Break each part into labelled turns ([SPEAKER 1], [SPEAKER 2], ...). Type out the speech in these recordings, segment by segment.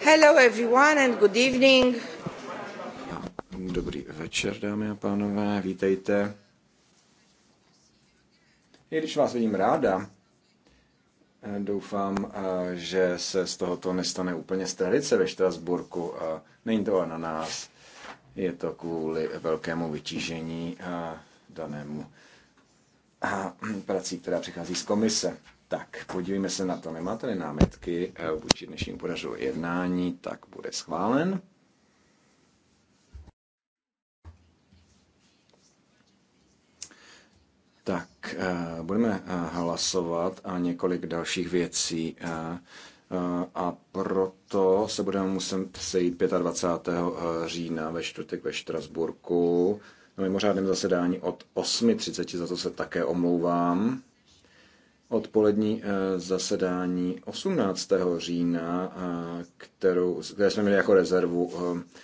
[SPEAKER 1] Hello everyone and good evening.
[SPEAKER 2] Dobrý večer, dámy a pánové, vítejte. I když vás vidím ráda, eh, doufám, eh, že se z tohoto nestane úplně strelice ve Štrasburku. Eh, není to na nás, je to kvůli velkému vytížení danému prací, která přichází z komise. Tak, podívejme se na to. Nemáte-li námitky eh, vůči dnešnímu podařu jednání, tak bude schválen. Tak, eh, budeme eh, hlasovat a několik dalších věcí a proto se budeme muset sejít 25. října ve čtvrtek ve Štrasburku na mimořádném zasedání od 8.30, za to se také omlouvám odpolední eh, zasedání 18. října, eh, kterou, které jsme měli jako rezervu, eh,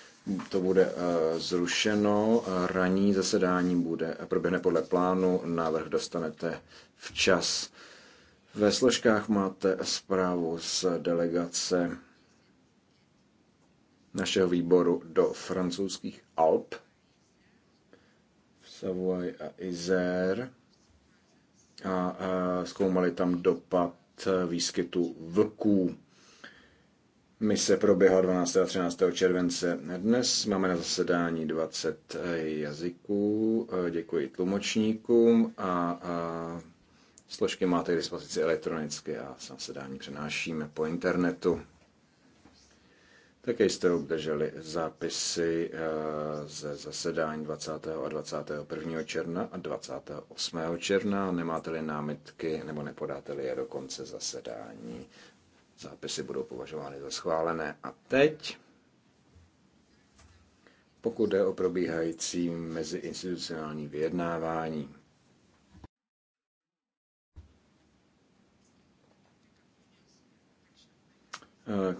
[SPEAKER 2] to bude zrušeno. Ranní zasedání bude, proběhne podle plánu, návrh dostanete včas. Ve složkách máte zprávu z delegace našeho výboru do francouzských Alp, Savoy a Isère a zkoumali tam dopad výskytu vlků. Mise proběhla 12. a 13. července. Dnes máme na zasedání 20 jazyků. Děkuji tlumočníkům a, složky máte k dispozici elektronicky a zasedání přenášíme po internetu. Také jste obdrželi zápisy eh, ze zasedání 20. a 21. června a 28. června. Nemáte-li námitky nebo nepodáte-li je do konce zasedání, zápisy budou považovány za schválené. A teď, pokud jde o probíhající meziinstitucionální vyjednávání,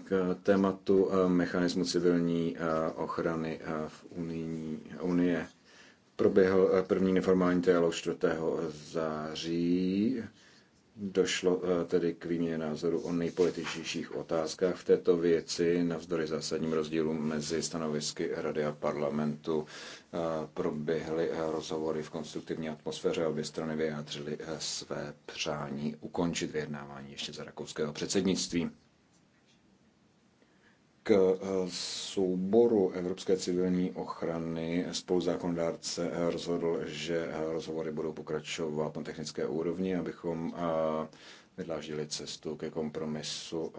[SPEAKER 2] k tématu eh, mechanismu civilní eh, ochrany eh, v unijní, Unie. Proběhl první neformální dialog 4. září. Došlo tedy k výměně názoru o nejpolitičtějších otázkách v této věci. Navzdory zásadním rozdílům mezi stanovisky Rady a parlamentu proběhly rozhovory v konstruktivní atmosféře a obě strany vyjádřily své přání ukončit vyjednávání ještě za rakouského předsednictví k eh, souboru Evropské civilní ochrany spoluzákonodárce rozhodl, že eh, rozhovory budou pokračovat na technické úrovni, abychom eh, vydláždili cestu ke kompromisu,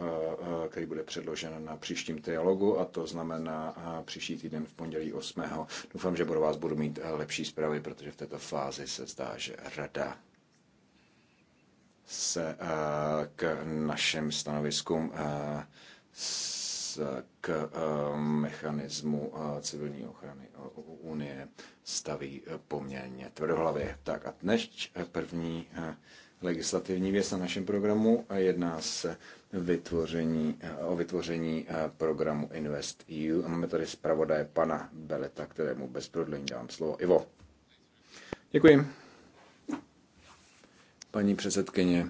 [SPEAKER 2] který bude předložen na příštím dialogu a to znamená příští týden v pondělí 8. Doufám, že pro vás budu mít lepší zprávy, protože v této fázi se zdá, že rada se k našim stanoviskům k eh, mechanismu eh, civilní ochrany eh, Unie staví poměrně tvrdohlavě. Tak a dnes první legislativní věc na našem programu. a Jedná se vytvoření, o vytvoření programu Invest EU. A máme tady zpravodaje pana Beleta, kterému bez prodlení dám slovo. Ivo. Děkuji. Paní předsedkyně,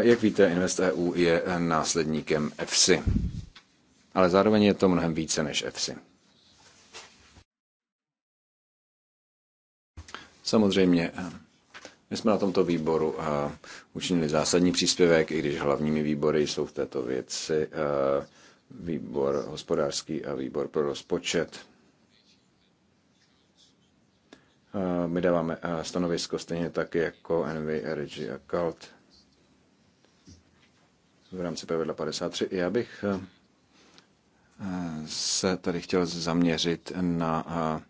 [SPEAKER 2] Jak víte, InvestEU je následníkem EFSI, ale zároveň je to mnohem více než EFSI. Samozřejmě, eh, my jsme na tomto výboru eh, učinili zásadní příspěvek, i když hlavními výbory jsou v této věci eh, výbor hospodářský a výbor pro rozpočet. My dáváme stanovisko stejně tak jako Envy, Energy a Cult v rámci pravidla 53. Já bych eh, eh, se tady chtěl zaměřit na eh,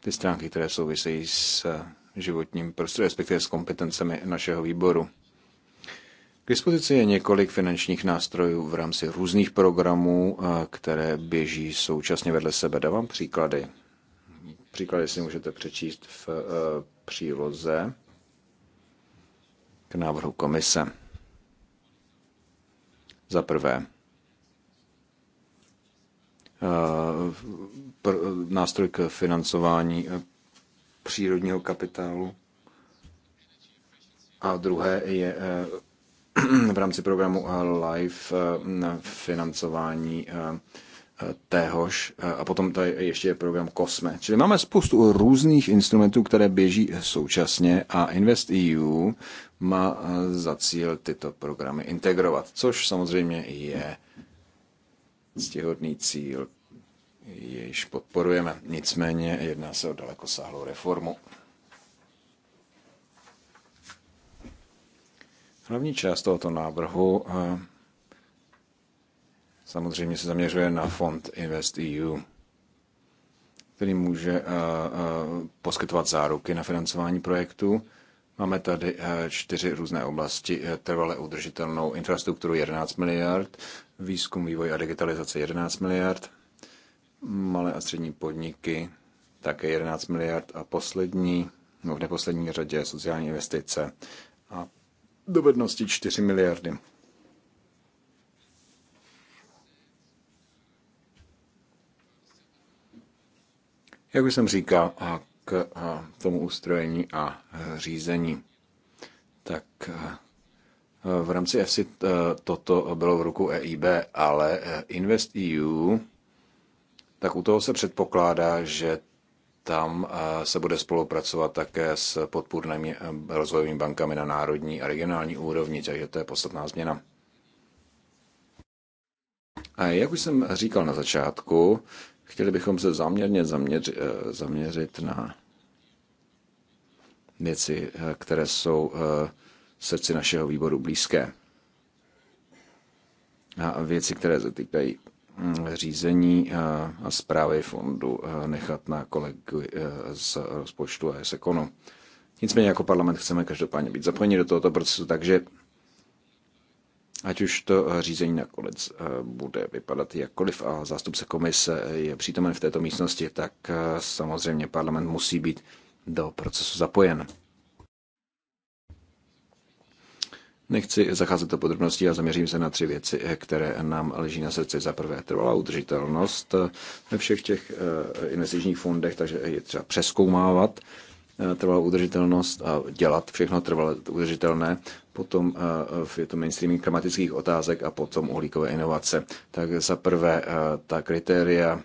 [SPEAKER 2] ty stránky, které souvisejí s životním prostředí, respektive s kompetencemi našeho výboru. K dispozici je několik finančních nástrojů v rámci různých programů, které běží současně vedle sebe. Dávám příklady. Příklady si můžete přečíst v příloze k návrhu komise. Za prvé, eh, nástroj k financování eh, přírodního kapitálu a druhé je eh, v rámci programu LIFE financování téhož eh, a potom tady ještě je program COSME. Čili máme spoustu různých instrumentů, které běží současně a InvestEU má eh, za cíl tyto programy integrovat, což samozřejmě je stěhodný cíl, jejž podporujeme. Nicméně jedná se o dalekosáhlou reformu. Hlavní část tohoto návrhu eh, samozřejmě se zaměřuje na fond InvestEU, který může eh, eh, poskytovat záruky na financování projektů. Máme tady eh, čtyři různé oblasti, trvale udržitelnou infrastrukturu 11 miliard, výzkum, vývoj a digitalizace 11 miliard, malé a střední podniky také 11 miliard a poslední, no v neposlední řadě sociální investice a dovednosti 4 miliardy. jak už jsem říkal, a k tomu ustrojení a e, řízení. Tak e, v rámci EFSI toto bylo v ruku EIB, ale e, Invest EU, tak u toho se předpokládá, že tam se bude spolupracovat také s podpůrnými rozvojovými bankami na národní a regionální úrovni, takže to je podstatná změna. A jak už jsem říkal na začátku, Chtěli bychom se záměrně zaměř, eh, zaměřit na věci, eh, které jsou eh, srdci našeho výboru blízké. A věci, které se týkají mm, řízení a zprávy fondu nechat na kolegy z rozpočtu a z ekonu. Nicméně jako parlament chceme každopádně být zapojeni do tohoto procesu, takže Ať už to eh, řízení nakonec eh, bude vypadat jakkoliv a zástupce komise je přítomen v této místnosti, tak eh, samozřejmě parlament musí být do procesu zapojen. Nechci zacházet do podrobností a zaměřím se na tři věci, které nám leží na srdci. Za prvé trvalá udržitelnost ve všech těch investičních fondech, takže je třeba přeskoumávat trvalou udržitelnost a dělat všechno trvalé udržitelné potom je to mainstreaming klimatických otázek a potom uhlíkové inovace. Tak za prvé ta kritéria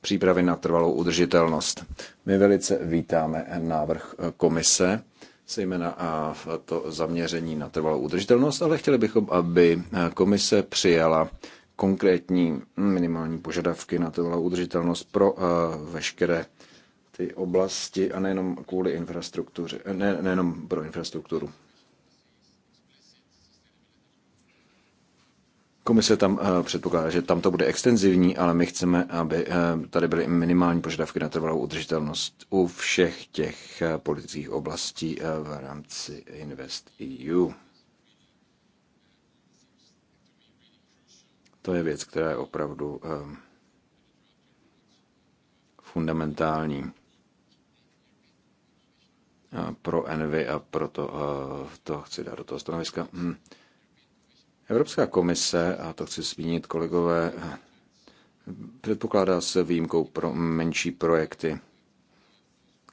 [SPEAKER 2] přípravy na trvalou udržitelnost. My velice vítáme návrh komise, zejména a to zaměření na trvalou udržitelnost, ale chtěli bychom, aby komise přijala konkrétní minimální požadavky na trvalou udržitelnost pro veškeré ty oblasti a nejenom kvůli infrastruktuře, ne, nejenom pro infrastrukturu. Komise tam eh, předpokládá, že tam to bude extenzivní, ale my chceme, aby eh, tady byly minimální požadavky na trvalou udržitelnost u všech těch eh, politických oblastí v rámci Invest EU. To je věc, která je opravdu ehm, fundamentální pro Envy a proto to chci dát do toho stanoviska. Hm. Evropská komise, a to chci zmínit kolegové, předpokládá se výjimkou pro menší projekty,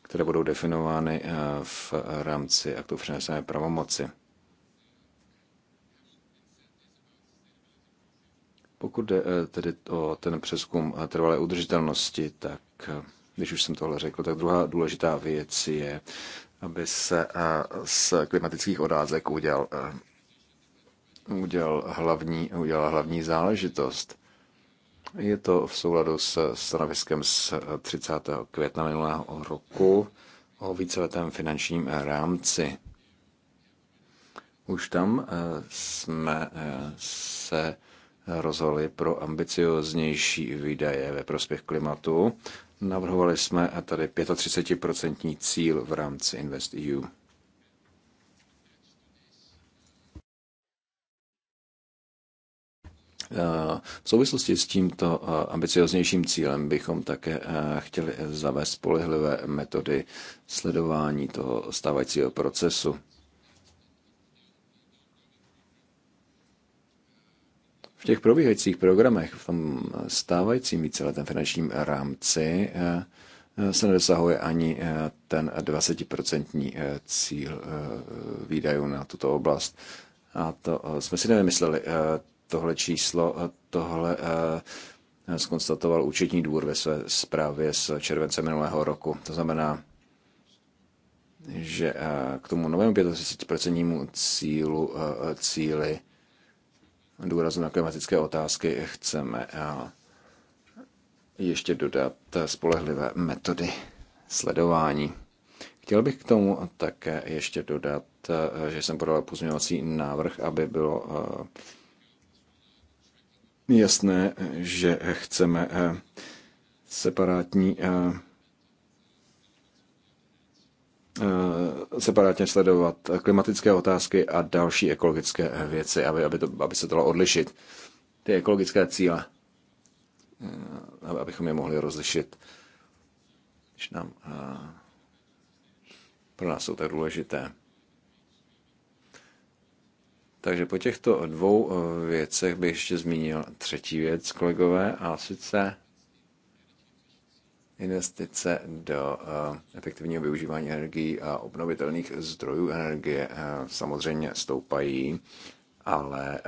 [SPEAKER 2] které budou definovány eh, v rámci aktu přenesené pravomoci. Pokud jde eh, tedy o ten přeskum eh, trvalé udržitelnosti, tak když už jsem tohle řekl, tak druhá důležitá věc je, aby se z klimatických odázek udělal udělal hlavní, udělal hlavní záležitost. Je to v souladu s stanoviskem z 30. května minulého roku o víceletém finančním rámci. Už tam eh, jsme eh, se rozhodli pro ambicioznější výdaje ve prospěch klimatu. Navrhovali jsme tady 35% cíl v rámci InvestEU. V souvislosti s tímto eh, ambicioznějším cílem bychom také eh, chtěli zavést spolehlivé metody sledování toho stávajícího procesu. V těch probíhajících programech, v tom stávajícím víceletém finančním rámci, eh, se nedosahuje ani ten 20% cíl výdajů na tuto oblast. A to jsme si nevymysleli tohle číslo, eh, tohle eh, skonstatoval účetní dvůr ve své zprávě z července minulého roku. To znamená, že eh, k tomu novému 35% cílu, cíli důrazu na klimatické otázky chceme ještě dodat spolehlivé metody sledování. Chtěl bych k tomu také ještě dodat, že jsem podal pozměňovací návrh, aby bylo jasné, že chceme eh, separátní eh, eh, separátně sledovat klimatické otázky a další ekologické věci, aby, aby, to, aby se dalo odlišit. Ty ekologické cíle, abychom je mohli rozlišit, když nám pro nás jsou tak důležité. Takže po těchto dvou eh, věcech bych ještě zmínil třetí věc, kolegové, a sice investice do eh, efektivního využívání energií a obnovitelných zdrojů energie eh, samozřejmě stoupají, ale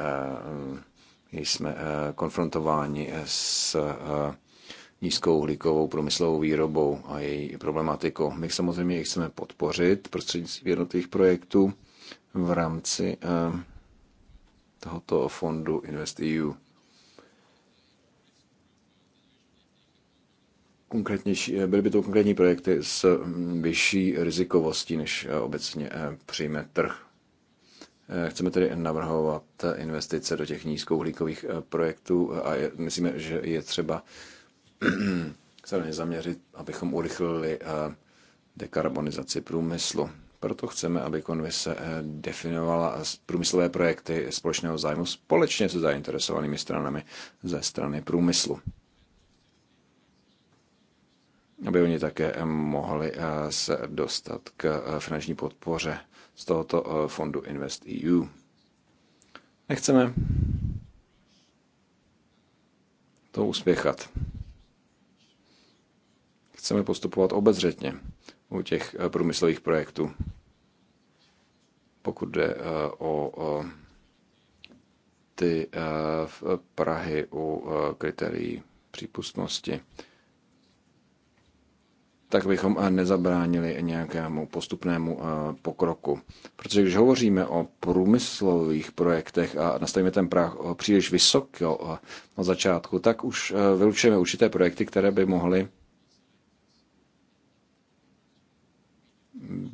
[SPEAKER 2] jsme konfrontováni s nízkou uhlíkovou průmyslovou výrobou a její problematikou. My samozřejmě ji chceme podpořit prostřednictvím jednotlivých projektů v rámci tohoto fondu InvestEU. konkrétnější, eh, byly by to konkrétní projekty s mm, vyšší rizikovostí, než eh, obecně eh, přijme trh. Chceme tedy navrhovat investice do těch nízkouhlíkových projektů a je, myslíme, že je třeba se na ně zaměřit, abychom urychlili dekarbonizaci průmyslu. Proto chceme, aby konvise eh, definovala průmyslové projekty společného zájmu společně se zainteresovanými stranami ze strany průmyslu. Aby oni také eh, mohli eh, se dostat k finanční podpoře z tohoto fondu Invest EU. Nechceme to uspěchat. Chceme postupovat obezřetně u těch eh, průmyslových projektů, pokud jde eh, o eh, ty Prahy u kritérií přípustnosti, tak bychom nezabránili nějakému postupnému pokroku. Protože když hovoříme o průmyslových projektech a nastavíme ten práh příliš vysoko na začátku, tak už vylučujeme určité projekty, které by mohly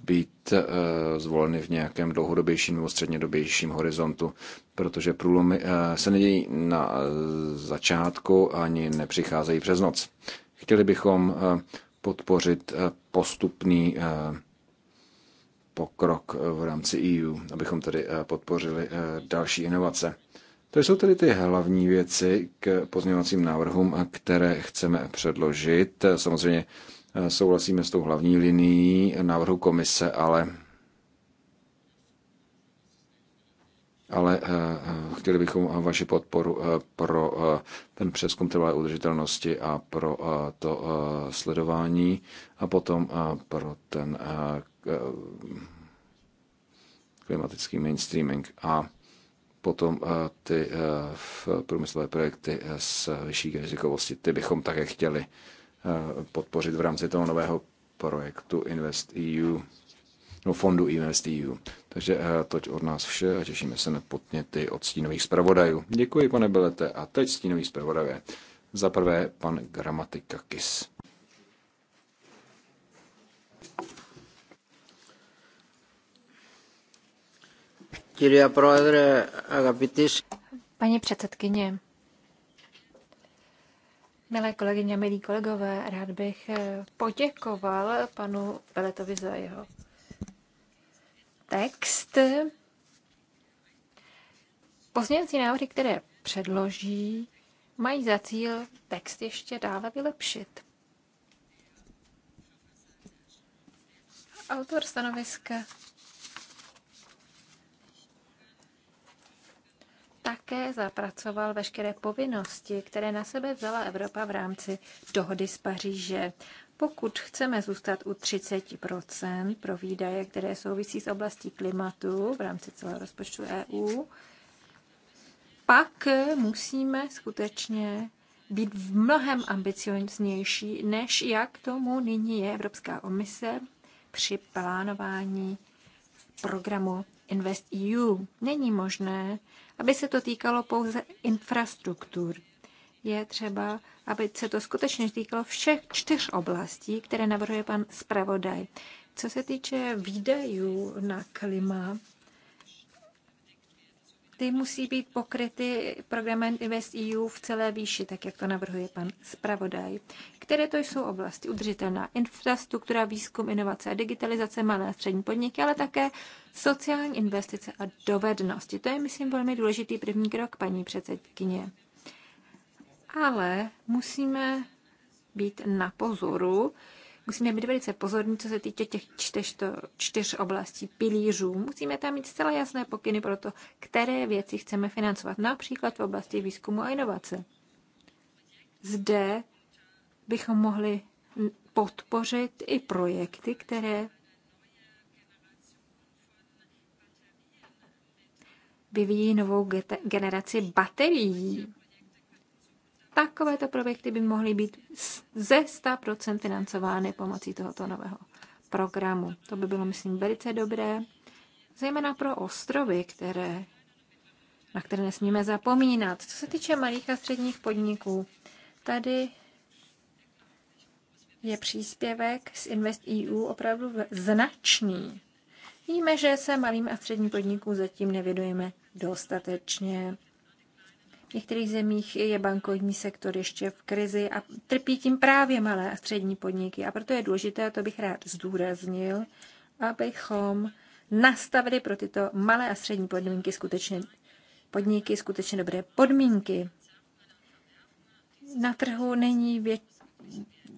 [SPEAKER 2] být eh, zvoleny v nějakém dlouhodobějším nebo střednědobějším horizontu, protože průlomy eh, se nedějí na eh, začátku ani nepřicházejí přes noc. Chtěli bychom podpořit postupný pokrok v rámci EU, abychom tedy podpořili další inovace. To jsou tedy ty hlavní věci k pozměňovacím návrhům, které chceme předložit. Samozřejmě Eh, souhlasíme s tou hlavní linií návrhu komise, ale ale eh, eh, chtěli bychom vaši podporu pro ten přeskum trvalé udržitelnosti a pro to sledování a potom pro ten klimatický mainstreaming a potom ty průmyslové projekty s vyšší rizikovosti, ty bychom také chtěli Eh, podpořit v rámci toho nového projektu Invest EU, no fondu Invest EU. Takže eh, toť od nás vše a těšíme se na podněty od stínových zpravodajů. Děkuji, pane Belete. A teď stínový zpravodajé. Za prvé pan gramatika Kis.
[SPEAKER 1] Paní předsedkyně, Milé kolegyně, milí kolegové, rád bych eh, poděkoval panu Beletovi za jeho text. Pozměňovací návrhy, které předloží, mají za cíl text ještě dále vylepšit. Autor stanoviska také zapracoval veškeré povinnosti, které na sebe vzala Evropa v rámci dohody z Paříže. Pokud chceme zůstat u 30 pro výdaje, které souvisí s oblastí klimatu v rámci celého rozpočtu EU, pak musíme skutečně být v mnohem ambicioznější, než jak tomu nyní je Evropská komise při plánování programu InvestEU. Není možné, aby se to týkalo pouze infrastruktur. Je třeba, aby se to skutečně týkalo všech čtyř oblastí, které navrhuje pan zpravodaj. Co se týče výdajů na klima, ty musí být pokryty programem InvestEU v celé výši, tak jak to navrhuje pan zpravodaj. Které to jsou oblasti? Udržitelná infrastruktura, výzkum, inovace a digitalizace, malé a střední podniky, ale také sociální investice a dovednosti. To je, myslím, velmi důležitý první krok, paní předsedkyně. Ale musíme být na pozoru, musíme být velice pozorní, co se týče těch čtyř, to, čtyř oblastí pilířů. Musíme tam mít zcela jasné pokyny pro to, které věci chceme financovat, například v oblasti výzkumu a inovace. Zde bychom mohli podpořit i projekty, které vyvíjí novou generaci baterií. Takovéto projekty by mohly být ze 100% financovány pomocí tohoto nového programu. To by bylo, myslím, velice dobré, zejména pro ostrovy, které, na které nesmíme zapomínat. Co se týče malých a středních podniků, tady je příspěvek z InvestEU opravdu značný. Víme, že se malým a středním podnikům zatím nevědujeme dostatečně. V některých zemích je bankovní sektor ještě v krizi a trpí tím právě malé a střední podniky. A proto je důležité, a to bych rád zdůraznil, abychom nastavili pro tyto malé a střední podniky skutečně podniky skutečně dobré podmínky. Na trhu není vě-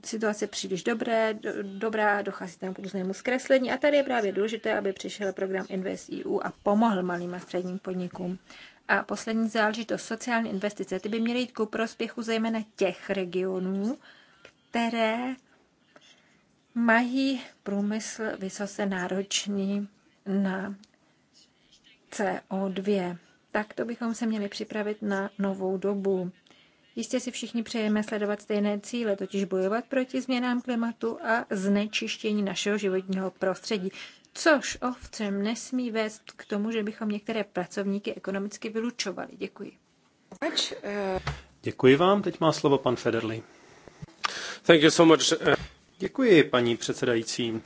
[SPEAKER 1] situace příliš dobré, do, dobrá, dochází tam k různému zkreslení a tady je právě důležité, aby přišel program InvestEU a pomohl malým a středním podnikům. A poslední záležitost, sociální investice, ty by měly jít ku prospěchu zejména těch regionů, které mají průmysl vysoce náročný na CO2. Tak to bychom se měli připravit na novou dobu. Jistě si všichni přejeme sledovat stejné cíle, totiž bojovat proti změnám klimatu a znečištění našeho životního prostředí což ovcem nesmí vést k tomu, že bychom některé pracovníky ekonomicky vylučovali. Děkuji.
[SPEAKER 3] Děkuji vám. Teď má slovo pan Federli. Thank you so much. Děkuji, paní předsedající.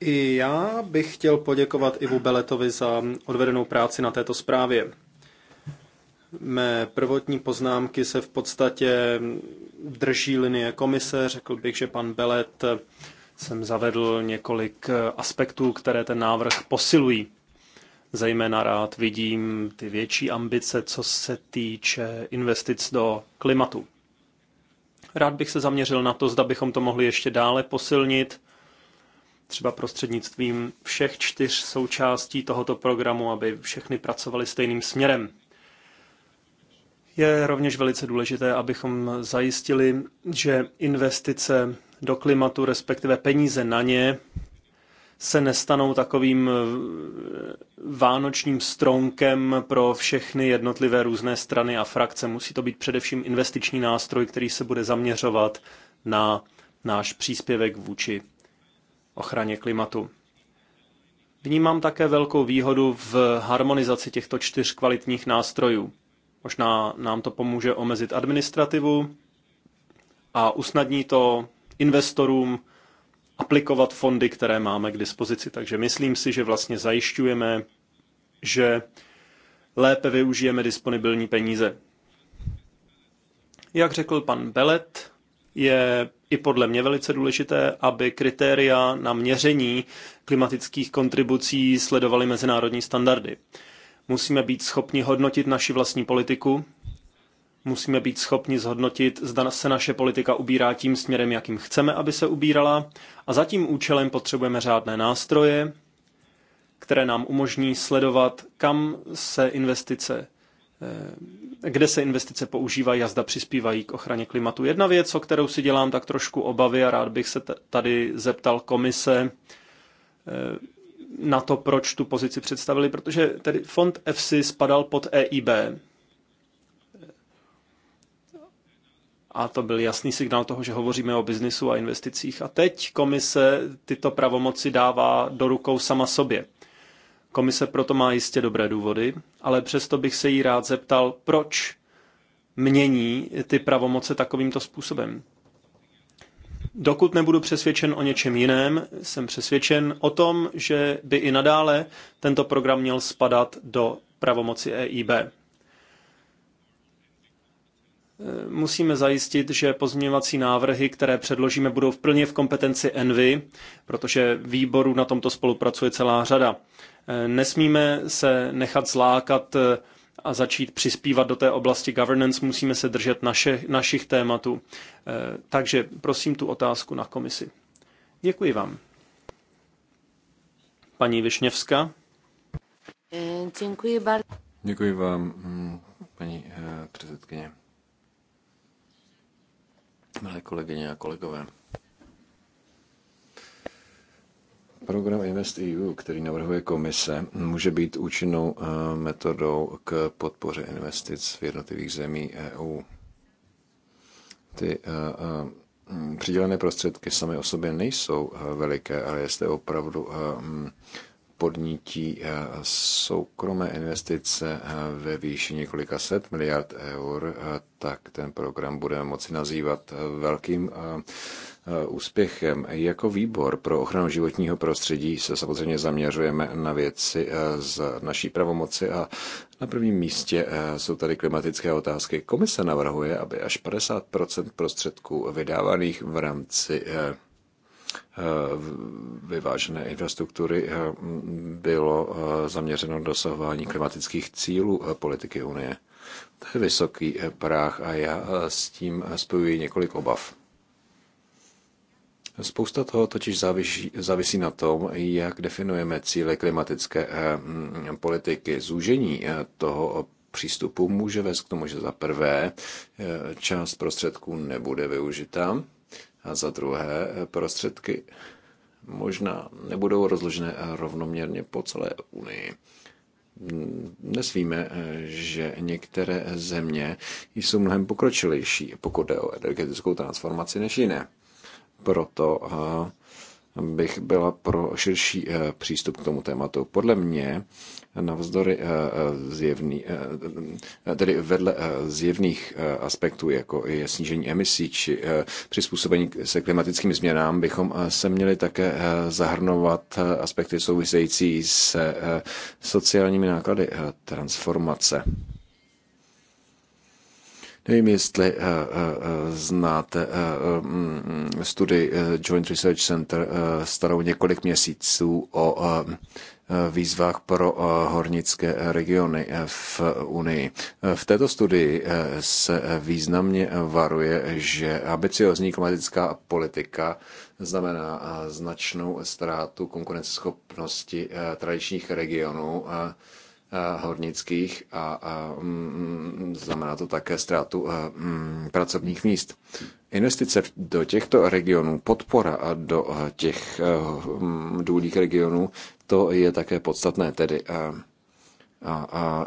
[SPEAKER 3] I já bych chtěl poděkovat Ivu Beletovi za odvedenou práci na této zprávě. Mé prvotní poznámky se v podstatě drží linie komise. Řekl bych, že pan Belet jsem zavedl několik eh, aspektů, které ten návrh posilují. Zejména rád vidím ty větší ambice, co se týče investic do klimatu. Rád bych se zaměřil na to, zda bychom to mohli ještě dále posilnit, třeba prostřednictvím všech čtyř součástí tohoto programu, aby všechny pracovali stejným směrem. Je rovněž velice důležité, abychom zajistili, že investice do klimatu, respektive peníze na ně, se nestanou takovým eh, vánočním stromkem pro všechny jednotlivé různé strany a frakce. Musí to být především investiční nástroj, který se bude zaměřovat na náš příspěvek vůči ochraně klimatu. Vnímám také velkou výhodu v harmonizaci těchto čtyř kvalitních nástrojů. Možná nám to pomůže omezit administrativu a usnadní to investorům aplikovat fondy, které máme k dispozici. Takže myslím si, že vlastně zajišťujeme, že lépe využijeme disponibilní peníze. Jak řekl pan Belet, je i podle mě velice důležité, aby kritéria na měření klimatických kontribucí sledovaly mezinárodní standardy. Musíme být schopni hodnotit naši vlastní politiku, musíme být schopni zhodnotit, zda se naše politika ubírá tím směrem, jakým chceme, aby se ubírala, a za tím účelem potřebujeme řádné nástroje, které nám umožní sledovat, kam se investice eh, kde se investice používají a zda přispívají k ochraně klimatu. Jedna věc, o kterou si dělám tak trošku obavy a rád bych se tady zeptal komise, eh, na to, proč tu pozici představili, protože tedy fond EFSI spadal pod EIB. A to byl jasný signál toho, že hovoříme o biznisu a investicích. A teď komise tyto pravomoci dává do rukou sama sobě. Komise proto má jistě dobré důvody, ale přesto bych se jí rád zeptal, proč mění ty pravomoce takovýmto způsobem. Dokud nebudu přesvědčen o něčem jiném, jsem přesvědčen o tom, že by i nadále tento program měl spadat do pravomoci EIB. E, musíme zajistit, že pozměňovací návrhy, které předložíme, budou v plně v kompetenci Envy, protože výboru na tomto spolupracuje celá řada. E, nesmíme se nechat zlákat e, a začít přispívat do té oblasti governance, musíme se držet naše, našich tématů. Eh, takže prosím tu otázku na komisi. Děkuji vám. Paní Višněvská.
[SPEAKER 1] Eh, děkuji, bar-
[SPEAKER 2] Děkuji vám, hm, paní eh, předsedkyně. Milé kolegyně a kolegové. Program InvestEU, který navrhuje komise, může být účinnou eh, metodou k podpoře investic v jednotlivých zemí EU. Ty eh, eh, přidělené prostředky samy o sobě nejsou veliké, ale jestli opravdu mm, podnítí soukromé investice ve výši několika set miliard eur, tak ten program budeme moci nazývat velkým Eh, úspěchem. Jako výbor pro ochranu životního prostředí se samozřejmě zaměřujeme na věci eh, z naší pravomoci a na prvním místě eh, jsou tady klimatické otázky. Komise navrhuje, aby až 50 prostředků vydávaných v rámci vyvážené infrastruktury bylo zaměřeno dosahování klimatických cílů politiky Unie. To je vysoký práh a já s tím spojuji několik obav. Spousta toho totiž závisí, závisí na tom, jak definujeme cíle klimatické eh, politiky. Zúžení eh, toho přístupu může vést k tomu, že za prvé eh, část prostředků nebude využita a za druhé prostředky možná nebudou rozložené rovnoměrně po celé Unii. Dnes víme, že některé země jsou mnohem pokročilejší, pokud jde o energetickou transformaci, než jiné proto bych byla pro širší e, přístup k tomu tématu. Podle mě, navzdory e, e, zjevný, tedy vedle zjevných aspektů, jako je snížení emisí či přizpůsobení se klimatickým změnám, bychom se měli také zahrnovat aspekty související se sociálními náklady transformace. Nevím, jestli eh, eh, eh, znáte studii Joint Research Center starou několik měsíců o výzvách pro hornické regiony v Unii. V této studii se významně varuje, že ambiciozní klimatická politika znamená značnou ztrátu konkurenceschopnosti tradičních regionů Eh, hornických a, a mm, znamená to také ztrátu eh, mm, pracovních míst. Investice do těchto regionů, podpora a do eh, těch mm, důlých regionů, to je také podstatné. Tedy a, a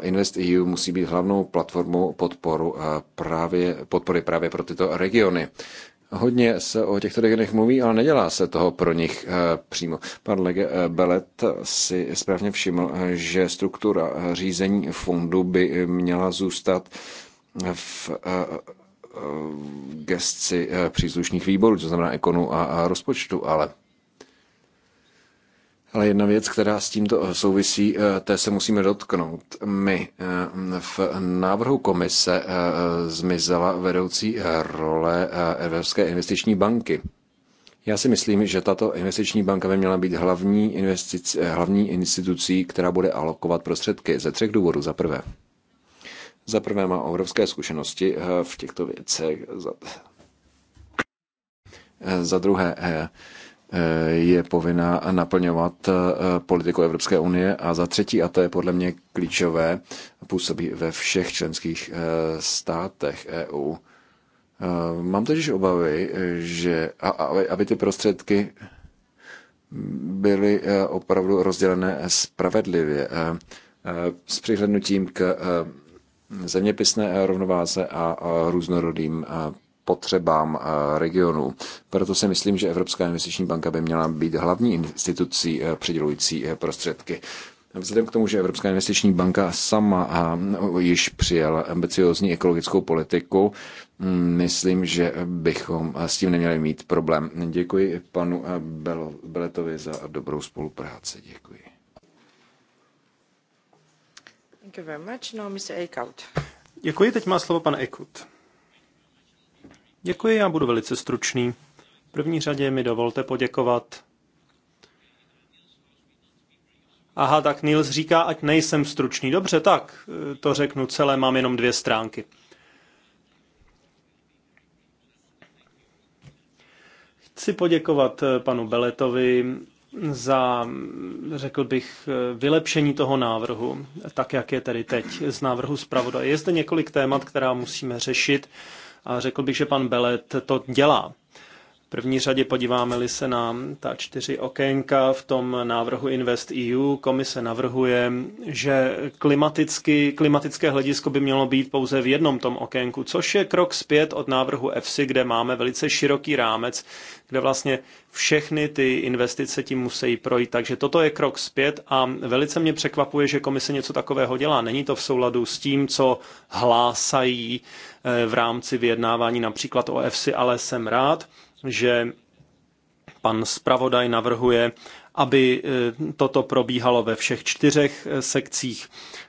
[SPEAKER 2] musí být hlavnou platformou podporu právě, podpory právě pro tyto regiony. Hodně se o těchto regionech mluví, ale nedělá se toho pro nich eh, přímo. Pan Lege eh, Belet si správně všiml, eh, že struktura řízení fondu by měla zůstat v gesci příslušných výborů, to znamená ekonu a rozpočtu, ale ale jedna věc, která s tímto eh, souvisí, eh, té se musíme dotknout. My eh, v návrhu komise zmizela vedoucí role Evropské investiční banky. Já si myslím, že tato investiční banka by měla být hlavní, investic, hlavní institucí, která bude alokovat prostředky ze třech důvodů. Za prvé, za prvé má obrovské zkušenosti v těchto věcech. Za, za druhé, Eh, je povinna naplňovat eh, politiku Evropské unie a za třetí, a to je podle mě klíčové, působí ve všech členských eh, státech EU. Mám totiž obavy, že aby ty prostředky byly opravdu rozdělené spravedlivě s přihlednutím k zeměpisné rovnováze a různorodým potřebám eh, regionu. Proto si myslím, že Evropská investiční banka by měla být hlavní institucí eh, přidělující eh, prostředky. Vzhledem k tomu, že Evropská investiční banka sama již přijala ambiciozní ekologickou politiku, mm, myslím, že bychom s tím neměli mít problém. Děkuji panu Beletovi za dobrou spolupráci. Děkuji.
[SPEAKER 1] Thank you very much. No,
[SPEAKER 3] Děkuji, teď má slovo pan Ekut. Děkuji, já budu velice stručný. V první řadě mi dovolte poděkovat. Aha, tak Nils říká, ať nejsem stručný. Dobře, tak eh, to řeknu celé, mám jenom dvě stránky. Chci poděkovat eh, panu Beletovi za, řekl bych, eh, vylepšení toho návrhu, tak jak je tedy teď z návrhu zpravodaje. Je zde několik témat, která musíme řešit a řekl bych, že pan Belet to dělá. V první řadě podíváme-li se na ta čtyři okénka v tom návrhu Invest EU, komise navrhuje, že klimaticky, klimatické hledisko by mělo být pouze v jednom tom okénku, což je krok zpět od návrhu EFSI, kde máme velice široký rámec, kde vlastně všechny ty investice tím musí projít. Takže toto je krok zpět a velice mě překvapuje, že komise něco takového dělá. Není to v souladu s tím, co hlásají eh, v rámci vyjednávání například o EFSI, ale jsem rád, že pan zpravodaj navrhuje, aby eh, toto probíhalo ve všech čtyřech eh, sekcích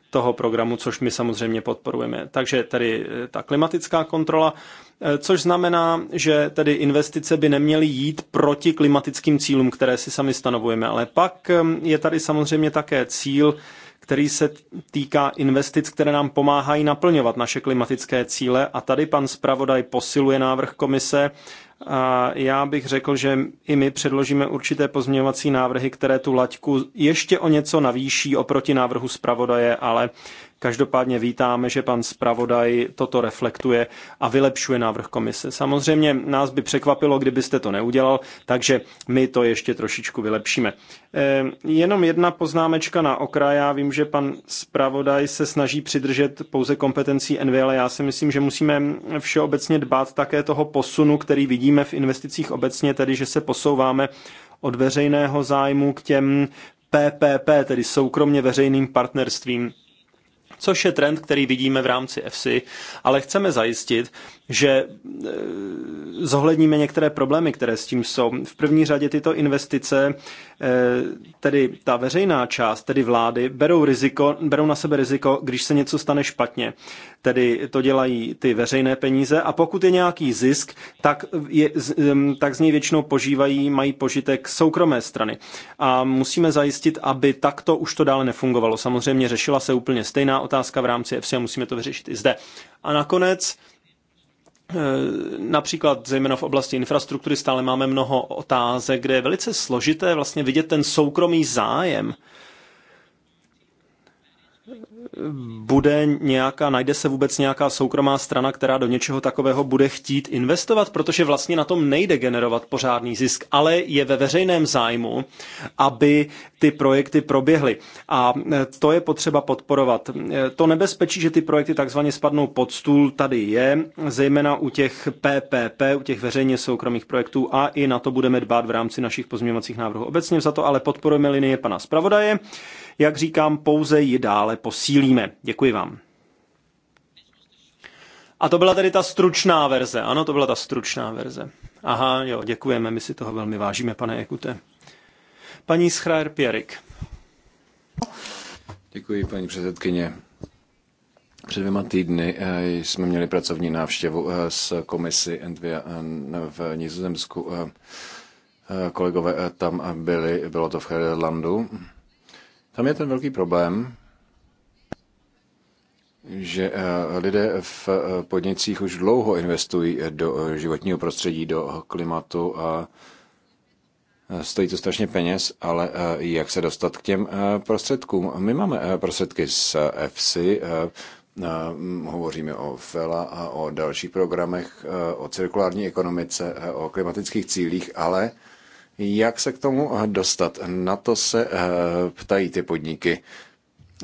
[SPEAKER 3] toho programu, což my samozřejmě podporujeme. Takže tady ta klimatická kontrola, Eh, což znamená, že tedy investice by neměly jít proti klimatickým cílům, které si sami stanovujeme. Ale pak je tady samozřejmě také cíl, který se týká investic, které nám pomáhají naplňovat naše klimatické cíle. A tady pan zpravodaj posiluje návrh komise. A já bych řekl, že i my předložíme určité pozměňovací návrhy, které tu laťku ještě o něco navýší oproti návrhu zpravodaje, ale Každopádně vítáme, že pan zpravodaj toto reflektuje a vylepšuje návrh komise. Samozřejmě nás by překvapilo, kdybyste to neudělal, takže my to ještě trošičku vylepšíme. Eh, jenom jedna poznámečka na okraj. Já vím, že pan zpravodaj se snaží přidržet pouze kompetencí NV, ale já si myslím, že musíme všeobecně dbát také toho posunu, který vidíme v investicích obecně, tedy že se posouváme od veřejného zájmu k těm PPP, tedy soukromně veřejným partnerstvím což je trend, který vidíme v rámci EFSI, ale chceme zajistit, že e, zohledníme některé problémy, které s tím jsou. V první řadě tyto investice, e, tedy ta veřejná část, tedy vlády, berou, riziko, berou na sebe riziko, když se něco stane špatně. Tedy to dělají ty veřejné peníze a pokud je nějaký zisk, tak, je, tak z něj většinou požívají, mají požitek soukromé strany. A musíme zajistit, aby takto už to dále nefungovalo. Samozřejmě řešila se úplně stejná otázka v rámci EFSI a musíme to vyřešit i zde. A nakonec, Eh, například zejména v oblasti infrastruktury stále máme mnoho otázek, kde je velice složité vlastně vidět ten soukromý zájem bude nějaká, najde se vůbec nějaká soukromá strana, která do něčeho takového bude chtít investovat, protože vlastně na tom nejde generovat pořádný zisk, ale je ve veřejném zájmu, aby ty projekty proběhly. A e, to je potřeba podporovat. E, to nebezpečí, že ty projekty takzvaně spadnou pod stůl, tady je, zejména u těch PPP, u těch veřejně soukromých projektů a i na to budeme dbát v rámci našich pozměňovacích návrhů. Obecně za to ale podporujeme linie pana zpravodaje. Jak říkám, pouze ji dále posílíme. Děkuji vám. A to byla tedy ta stručná verze. Ano, to byla ta stručná verze. Aha, jo, děkujeme, my si toho velmi vážíme, pane Ekute. Paní Schreier Pěrik.
[SPEAKER 2] Děkuji, paní předsedkyně. Před dvěma týdny eh, jsme měli pracovní návštěvu eh, s komisí Entvia eh, v Nizozemsku. Kolegové tam byli, bylo to v Herlandu tam je ten velký problém, že eh, lidé v eh, podnicích už dlouho investují do eh, životního prostředí, do klimatu a stojí to strašně peněz, ale jak se dostat k těm prostředkům? My máme prostředky z EFSI, hovoříme o FELA a o dalších programech, o cirkulární ekonomice, o klimatických cílích, ale jak se k tomu dostat? Na to se eh, ptají ty podniky.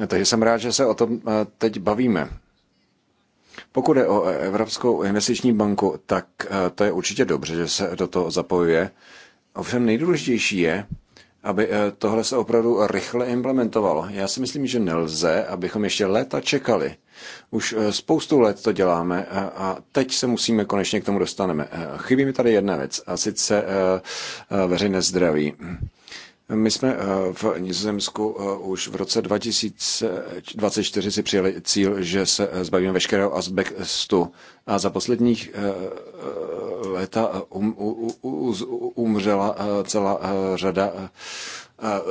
[SPEAKER 2] Takže jsem rád, že se o tom eh, teď bavíme. Pokud je o eh, Evropskou investiční banku, tak to je určitě dobře, že se do toho zapojuje. Ovšem nejdůležitější je, aby eh, tohle se opravdu rychle implementovalo. Já si myslím, že nelze, abychom ještě léta čekali. Už eh, spoustu let to děláme eh, a teď se musíme konečně k tomu dostaneme. Chybí mi tady jedna věc, a sice veřejné zdraví. My jsme eh, v Nizozemsku eh, už v roce 2024 si přijeli cíl, že se eh, zbavíme veškerého asbestu a za posledních léta um, um, um, umřela celá řada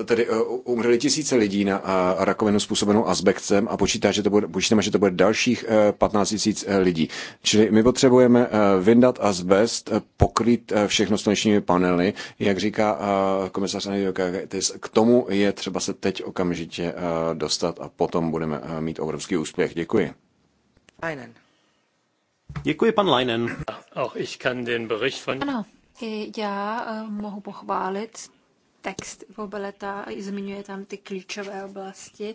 [SPEAKER 2] tedy e, umřeli tisíce lidí na rakovinu způsobenou asbestem a počítá, že to bude, počítáme, že to bude dalších 15 e, tisíc e, lidí. Čili my potřebujeme vyndat asbest, pokryt všechno slunečními panely. Jak říká komisař Anidiokatis, k tomu je třeba se teď okamžitě dostat a potom budeme mít obrovský úspěch. Děkuji.
[SPEAKER 3] Einen. Děkuji, pan Leinen. Auch ich kann den Bericht von... Ano,
[SPEAKER 1] já mohu pochválit text a zmiňuje tam ty klíčové oblasti.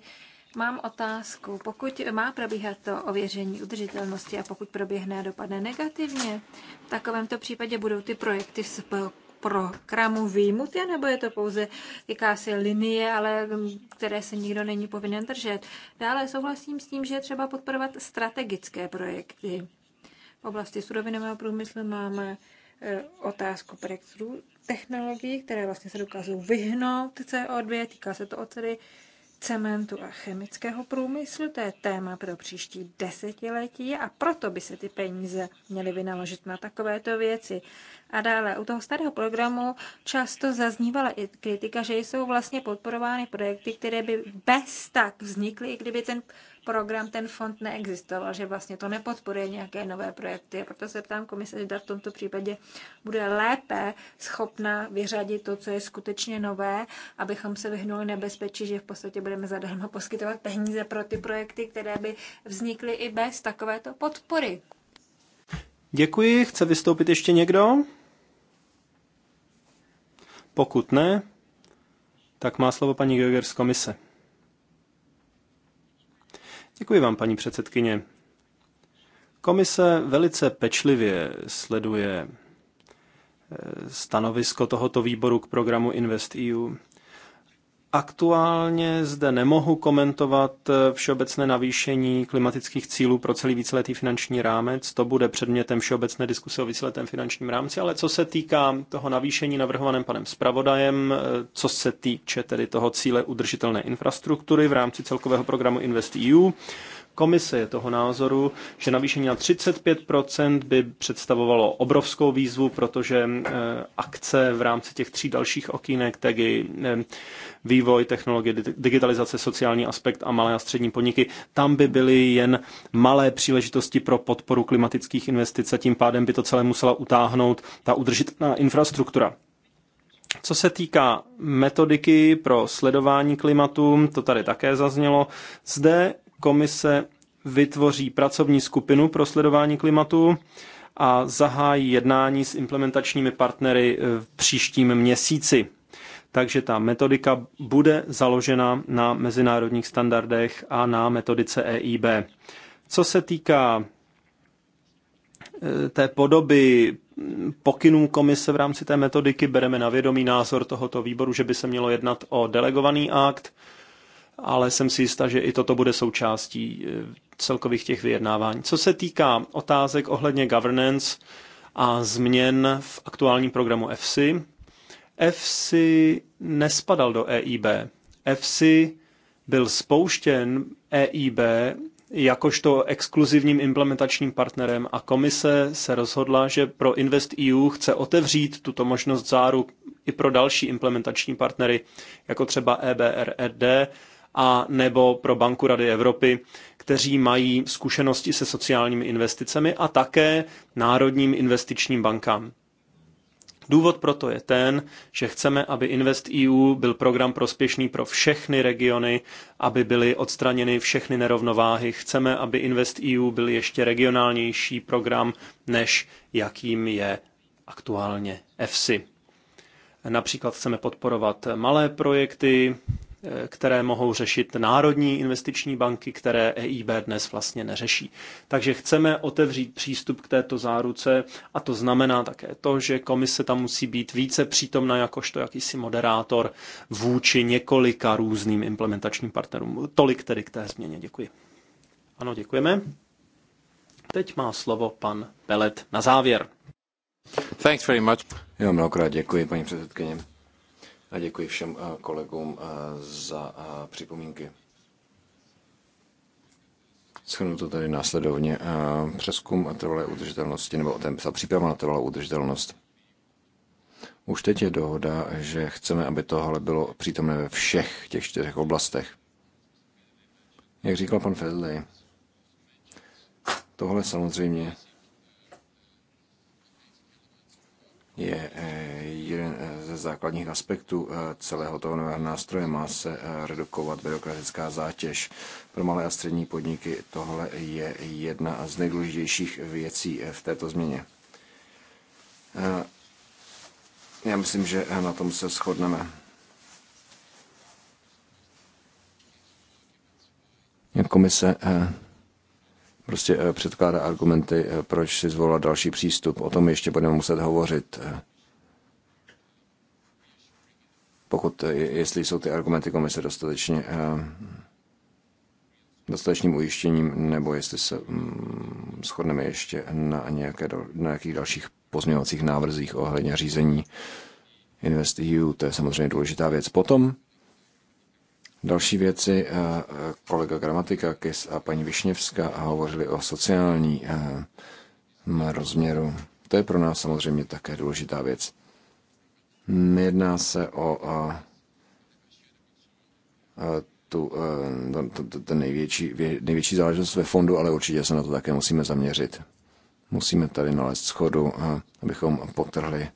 [SPEAKER 1] Mám otázku. Pokud má probíhat to ověření udržitelnosti a pokud proběhne a dopadne negativně, v takovémto případě budou ty projekty z programu výjimuty, nebo je to pouze jakási linie, ale mm, které se nikdo není povinen držet. Dále souhlasím s tím, že je třeba podporovat strategické projekty. V oblasti surovinového průmyslu máme E, otázku breakthrough technologií, které vlastně se dokážou vyhnout CO2, týká se to ocely, cementu a chemického průmyslu. To je téma pro příští desetiletí a proto by se ty peníze měly vynaložit na takovéto věci. A dále u toho starého programu často zaznívala i kritika, že jsou vlastně podporovány projekty, které by bez tak vznikly, i kdyby ten program, ten fond neexistoval, že vlastně to nepodporuje nějaké nové projekty. A proto se ptám komise, že v tomto případě bude lépe schopna vyřadit to, co je skutečně nové, abychom se vyhnuli nebezpečí, že v podstatě budeme zadarmo poskytovat peníze pro ty projekty, které by vznikly i bez takovéto podpory.
[SPEAKER 3] Děkuji. Chce vystoupit ještě někdo? Pokud ne, tak má slovo paní Geoger z komise. Děkuji vám, paní předsedkyně. Komise velice pečlivě sleduje eh, stanovisko tohoto výboru k programu InvestEU Aktuálně zde nemohu komentovat eh, všeobecné navýšení klimatických cílů pro celý víceletý finanční rámec. To bude předmětem všeobecné diskuse o víceletém finančním rámci, ale co se týká toho navýšení navrhovaném panem zpravodajem, eh, co se týče tedy toho cíle udržitelné infrastruktury v rámci celkového programu InvestEU, Komise je toho názoru, že navýšení na 35% by představovalo obrovskou výzvu, protože eh, akce v rámci těch tří dalších okýnek, tedy eh, vývoj, technologie, digitalizace, sociální aspekt a malé a střední podniky, tam by byly jen malé příležitosti pro podporu klimatických investic a tím pádem by to celé musela utáhnout ta udržitelná infrastruktura. Co se týká metodiky pro sledování klimatu, to tady také zaznělo, zde komise vytvoří pracovní skupinu pro sledování klimatu a zahájí jednání s implementačními partnery v příštím měsíci. Takže ta metodika bude založena na mezinárodních standardech a na metodice EIB. Co se týká eh, té podoby pokynů komise v rámci té metodiky, bereme na vědomí názor tohoto výboru, že by se mělo jednat o delegovaný akt, ale jsem si jistá, že i toto bude součástí eh, celkových těch vyjednávání. Co se týká otázek ohledně governance a změn v aktuálním programu FC, FC nespadal do EIB. FC byl spouštěn EIB jakožto exkluzivním implementačním partnerem a komise se rozhodla, že pro Invest EU chce otevřít tuto možnost záruk i pro další implementační partnery, jako třeba EBRD e a nebo pro Banku Rady Evropy, kteří mají zkušenosti se sociálními investicemi a také národním investičním bankám. Důvod proto je ten, že chceme, aby InvestEU byl program prospěšný pro všechny regiony, aby byly odstraněny všechny nerovnováhy. Chceme, aby InvestEU byl ještě regionálnější program, než jakým je aktuálně EFSI. Například chceme podporovat malé projekty, které mohou řešit národní investiční banky, které EIB dnes vlastně neřeší. Takže chceme otevřít přístup k této záruce a to znamená také to, že komise tam musí být více přítomna jakožto jakýsi moderátor vůči několika různým implementačním partnerům. Tolik tedy k té změně. Děkuji. Ano, děkujeme. Teď má slovo pan Pelet na závěr. Thanks very much.
[SPEAKER 2] Jo, mnohokrát děkuji, paní předsedkyně.
[SPEAKER 3] A děkuji všem eh, kolegům eh, za
[SPEAKER 2] eh, připomínky. Schrnu to tady následovně. Přeskum a trvalé udržitelnosti, nebo ten příprava na trvalou udržitelnost. Už teď je dohoda, že chceme, aby tohle bylo přítomné ve všech těch čtyřech oblastech. Jak říkal pan Fedley, tohle samozřejmě je jeden ze základních aspektů eh, celého toho nového nástroje. Má se eh, redukovat byrokratická zátěž. Pro malé a střední podniky tohle je jedna z nejdůležitějších věcí eh, v této změně. Já myslím, že na tom se shodneme. Komise prostě předkládá argumenty, proč si zvolila další přístup. O tom ještě budeme muset hovořit pokud, eh, jestli jsou ty argumenty komise dostatečně eh, dostatečným ujištěním, nebo jestli se mm, shodneme ještě na, nějaké, na nějakých dalších pozměňovacích návrzích ohledně řízení InvestEU, to je samozřejmě důležitá věc. Potom další věci, eh, kolega Gramatika, Kis a paní Višněvská hovořili o sociální rozměru. To je pro nás samozřejmě také důležitá věc. Nejedná se o tu, ten největší, největší záležitost ve fondu, ale určitě se na to také musíme zaměřit. Musíme tady nalézt schodu, abychom potrhli,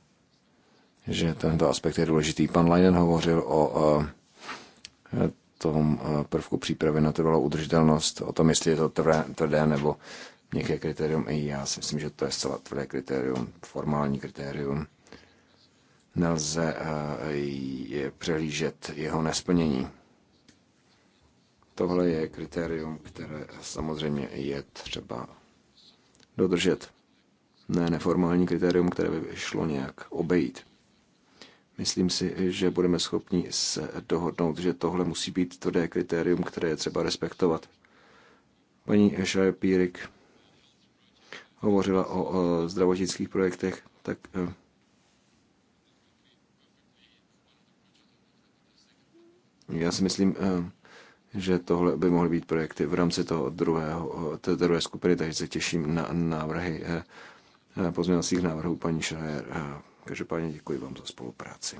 [SPEAKER 2] že tento aspekt je důležitý. Pan Leinen hovořil o tom prvku přípravy na trvalou udržitelnost, o tom, jestli je to tvrdé, tvrdé nebo měkké kritérium. I já si myslím, že to je zcela tvrdé kritérium, formální kritérium nelze eh, je přehlížet jeho nesplnění. Tohle je kritérium, které samozřejmě je třeba dodržet. Ne neformální kritérium, které by šlo nějak obejít. Myslím si, že budeme schopni se dohodnout, že tohle musí být tvrdé kritérium, které je třeba respektovat. Paní Šaje Pírik hovořila o, zdravotnických projektech, tak eh, Já si myslím, eh, že tohle by mohly být projekty v rámci toho druhého, té druhé skupiny, takže se těším na návrhy eh, eh, pozměňovacích návrhů paní Šrajer. Každopádně děkuji vám za spolupráci.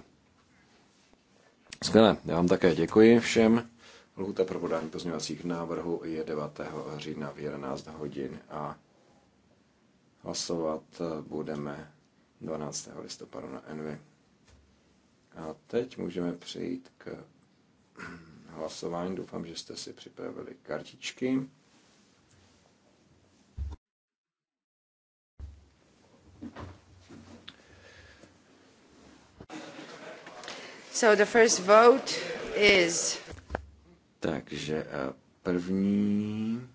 [SPEAKER 2] Skvěle. já vám také děkuji všem. Lhuta pro podání pozměňovacích návrhů je 9. října v 11 hodin a hlasovat budeme 12. listopadu na Envy. A teď můžeme přejít k hlasování. Doufám, že jste si připravili kartičky.
[SPEAKER 1] So the first vote is...
[SPEAKER 2] Takže eh, první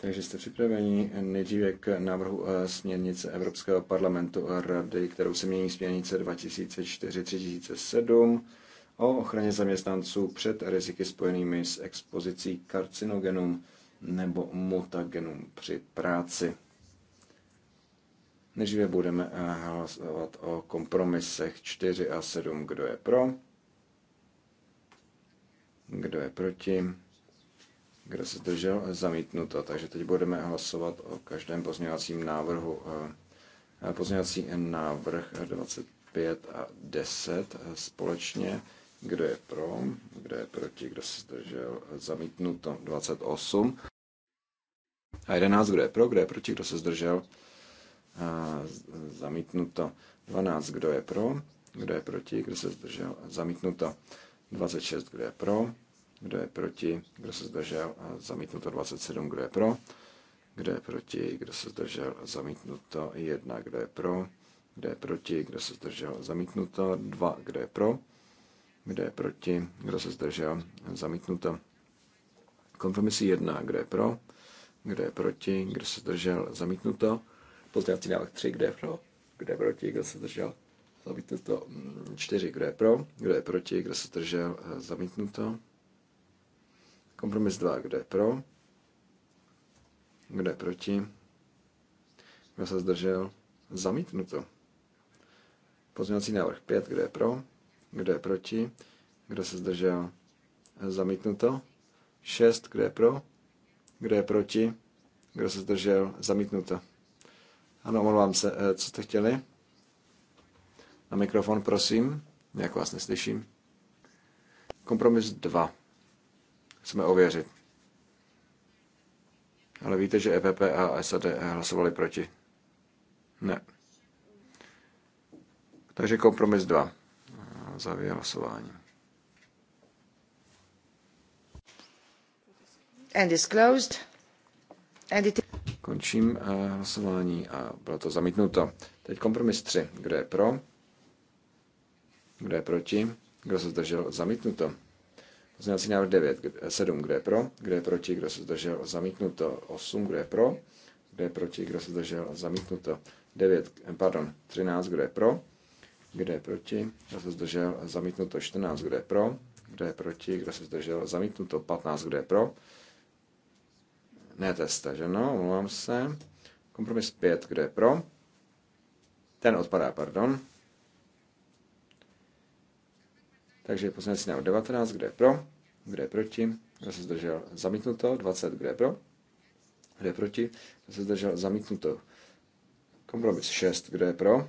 [SPEAKER 2] Takže jste připraveni nejdříve k návrhu eh, směrnice Evropského parlamentu a rady, kterou se mění směrnice 2004-3007 o ochraně zaměstnanců před riziky spojenými s expozicí karcinogenům nebo mutagenům při práci. Nejdříve budeme eh, hlasovat o kompromisech 4 a 7. Kdo je pro? Kdo je proti? Kdo se zdržel? Zamítnuto. Takže teď budeme hlasovat o každém pozměňovacím návrhu. Eh, pozměňovací návrh 25 a 10 eh, společně. Kdo je pro? Kdo je proti? Kdo se zdržel? Zamítnuto. 28. A 11. Eh, kdo je pro? Kdo je proti? Kdo se zdržel? Zamítnuto. 12. Kdo je pro? Kdo je proti? Kdo se zdržel? Zamítnuto. 26. Kdo je pro? Kdo je proti? Kdo se zdržel? Zamítnuto 27. Kdo je pro? Kdo je proti? Kdo se zdržel? Zamítnuto 1. Kdo je pro? Kdo je proti? Kdo se zdržel? Zamítnuto 2. Kdo je pro? Kdo je proti? Kdo se zdržel? Zamítnuto. Kompromisy 1. Kdo je pro? Kdo je proti? Kdo se zdržel? Zamítnuto. Pozdravací návrh 3. Kdo je pro? Kdo je proti? Kdo se zdržel? Zamítnuto 4. Kdo je pro? Kdo je proti? Kdo se zdržel? Zamítnuto. Kompromis 2, kdo je pro? Kdo je proti? Kdo se zdržel? Zamítnuto. Pozměňovací návrh 5, kdo je pro? Kdo je proti? Kdo se zdržel? Zamítnuto. 6, kdo je pro? Kdo je proti? Kdo se zdržel? Zamítnuto. Ano, omlouvám se. Eh, co jste chtěli? Na mikrofon, prosím. Jak vás neslyším. Kompromis 2 jsme ověřit. Ale víte, že EPP a SAD hlasovali proti? Ne. Takže kompromis 2. Zavěje hlasování. And is closed. And it... Končím eh, hlasování a bylo to zamítnuto. Teď kompromis 3. Kdo je pro? Kdo je proti? Kdo se zdržel? Zamítnuto. Pozměňovací návrh 9, 7, kdo je pro, kdo je proti, kdo se zdržel, zamítnuto. 8, kdo je pro, kdo je proti, kdo se zdržel, zamítnuto. 9, pardon, 13, kdo je pro, kdo je proti, kdo se zdržel, zamítnuto. 14, kdo je pro, kdo je proti, kdo se zdržel, zamítnuto. 15, kdo je pro, ne, to je staženo, omlouvám se. Kompromis 5, kdo je pro, ten odpadá, pardon. Takže poslanec návrh 19, kdo je pro, kdo je proti, kdo se zdržel zamítnuto, 20, kdo je pro, kdo je proti, kdo se zdržel zamítnuto. Kompromis 6, kdo je pro,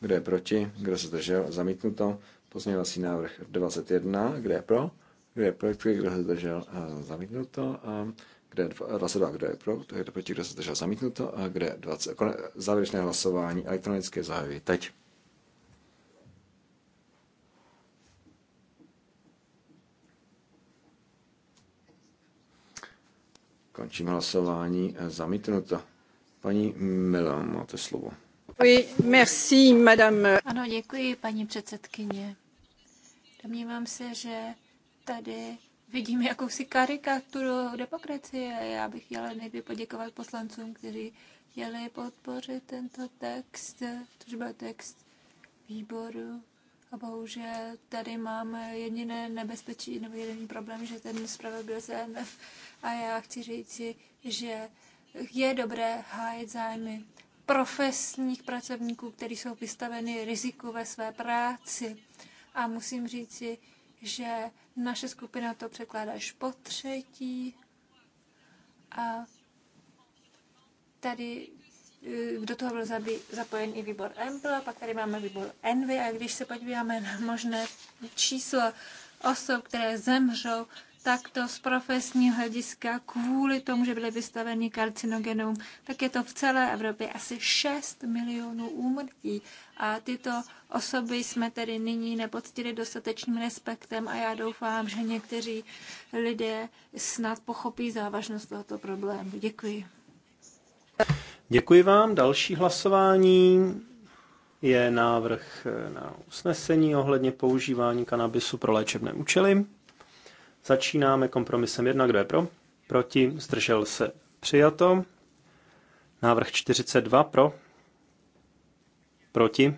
[SPEAKER 2] kdo je proti, kdo se zdržel zamítnuto, pozměňovací návrh 21, kdo je pro, kdo je proti, kdo se zdržel zamítnuto, a kde je 22, kdo je pro, kdo je proti, kdo se zdržel zamítnuto, a kde 20, konec, závěrečné hlasování elektronické zahájí teď. Končím hlasování. Eh, zamítnuto. Paní Milan, máte slovo.
[SPEAKER 1] Oui, merci, madame. Ano, děkuji, paní předsedkyně. Domnívám se, že tady vidím jakousi karikaturu demokracie. Já bych chtěla nejdřív poděkovat poslancům, kteří chtěli podpořit tento text, což byl text výboru a bohužel tady máme jediné nebezpečí nebo jediný problém, že ten nespravedlivý ZMF. A já chci říci, že je dobré hájit zájmy profesních pracovníků, kteří jsou vystaveni riziku ve své práci. A musím říci, že naše skupina to překládá až po třetí. A tady Eh, do toho byl zapojen i výbor EMPL, pak tady máme výbor ENVY a když se podíváme na možné číslo osob, které zemřou, takto z profesního hlediska kvůli tomu, že byly vystaveni karcinogenům, tak je to v celé Evropě asi 6 milionů úmrtí. A tyto osoby jsme tedy nyní nepoctili dostatečným respektem a já doufám, že někteří lidé snad pochopí závažnost tohoto problému. Děkuji.
[SPEAKER 3] Děkuji vám. Další hlasování je návrh na usnesení ohledně používání kanabisu pro léčebné účely. Začínáme kompromisem 1. Kdo je pro? Proti? Zdržel se? Přijato. Návrh 42 pro? Proti?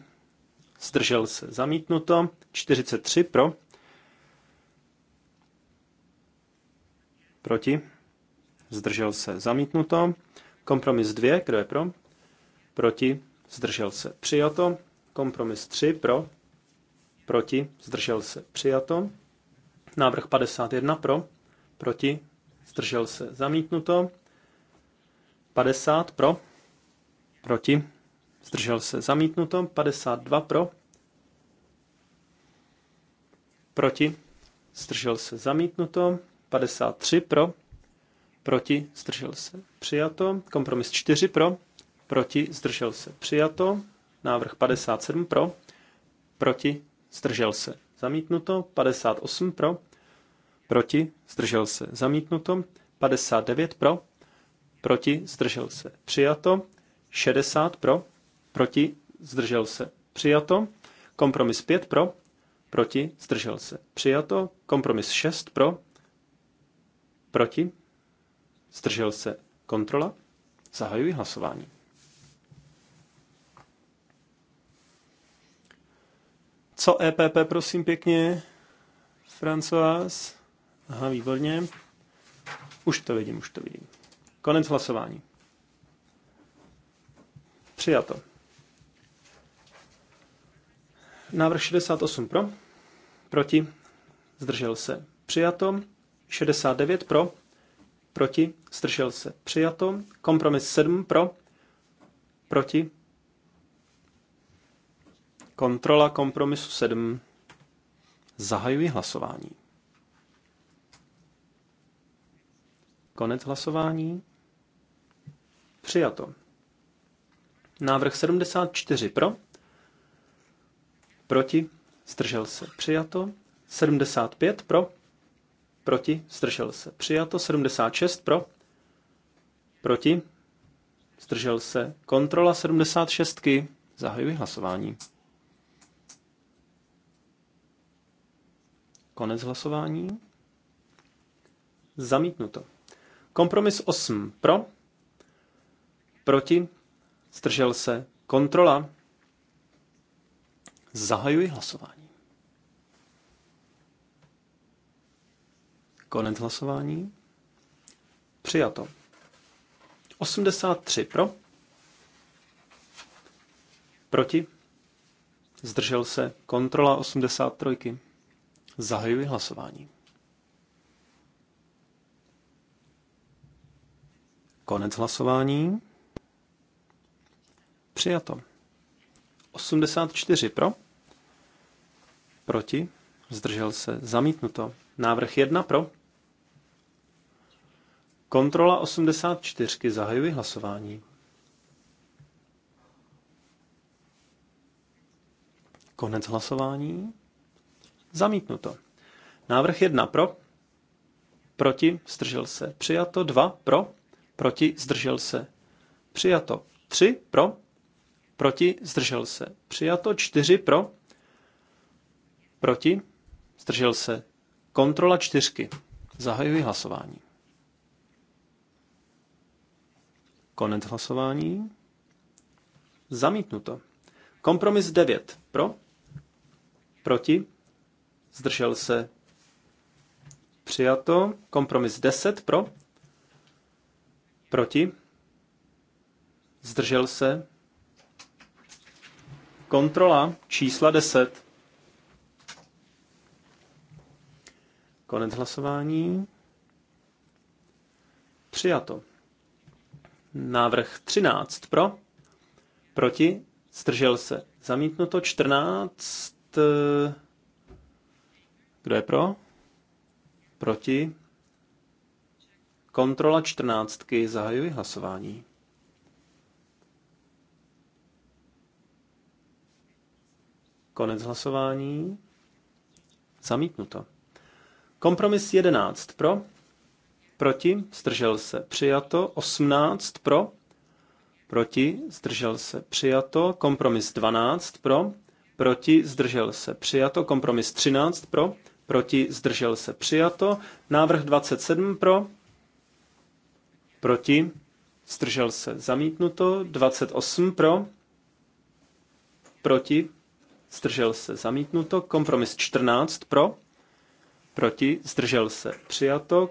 [SPEAKER 3] Zdržel se? Zamítnuto. 43 pro? Proti? Zdržel se? Zamítnuto. Kompromis 2, kdo je pro? Proti, zdržel se. Přijato. Kompromis 3, pro? Proti, zdržel se. Přijato. Návrh 51, pro? Proti, zdržel se. Zamítnuto. 50, pro? Proti, zdržel se. Zamítnuto. 52, pro? Proti, zdržel se. Zamítnuto. 53, pro? proti, zdržel se, přijato. Kompromis 4 pro, proti, zdržel se, přijato. Návrh 57 pro, proti, zdržel se, zamítnuto. 58 pro, proti, zdržel se, zamítnuto. 59 pro, proti, zdržel se, přijato. 60 pro, proti, zdržel se, přijato. Kompromis 5 pro, proti, zdržel se, přijato. Kompromis 6 pro, proti, Zdržel se? Kontrola? Zahajuji hlasování. Co EPP, prosím pěkně? Francois? Aha, výborně. Už to vidím, už to vidím. Konec hlasování. Přijato. Návrh 68 pro, proti, zdržel se. Přijato. 69 pro, proti, stržel se, přijato. Kompromis 7 pro, proti. Kontrola kompromisu 7. Zahajuji hlasování. Konec hlasování. Přijato. Návrh 74 pro, proti, stržel se, přijato. 75 pro, proti, zdržel se. Přijato 76 pro, proti, zdržel se. Kontrola 76. -ky. Zahajuji hlasování. Konec hlasování. Zamítnuto. Kompromis 8 pro, proti, zdržel se. Kontrola. Zahajuji hlasování. Konec hlasování. Přijato. 83 pro. Proti. Zdržel se. Kontrola 83. Zahajuji hlasování. Konec hlasování. Přijato. 84 pro. Proti. Zdržel se. Zamítnuto. Návrh 1 pro. Kontrola 84. Zahajuji hlasování. Konec hlasování. Zamítnuto. Návrh 1 pro, proti, zdržel se. Přijato 2 pro, proti, zdržel se. Přijato 3 pro, proti, zdržel se. Přijato 4 pro, proti, zdržel se. Kontrola 4. Zahajuji hlasování. Konec hlasování. Zamítnuto. Kompromis 9. Pro? Proti? Zdržel se? Přijato. Kompromis 10. Pro? Proti? Zdržel se? Kontrola čísla 10. Konec hlasování. Přijato. Návrh 13 pro, proti, zdržel se. Zamítnuto 14. Eh, kdo je pro? Proti. Kontrola 14. Zahajuji hlasování. Konec hlasování. Zamítnuto. Kompromis 11 pro, proti, zdržel se, přijato, 18 pro, proti, zdržel se, přijato, kompromis 12 pro, proti, zdržel se, přijato, kompromis 13 pro, proti, zdržel se, přijato, návrh 27 pro, proti, zdržel se, zamítnuto, 28 pro, proti, zdržel se, zamítnuto, kompromis 14 pro, proti, zdržel se, přijato.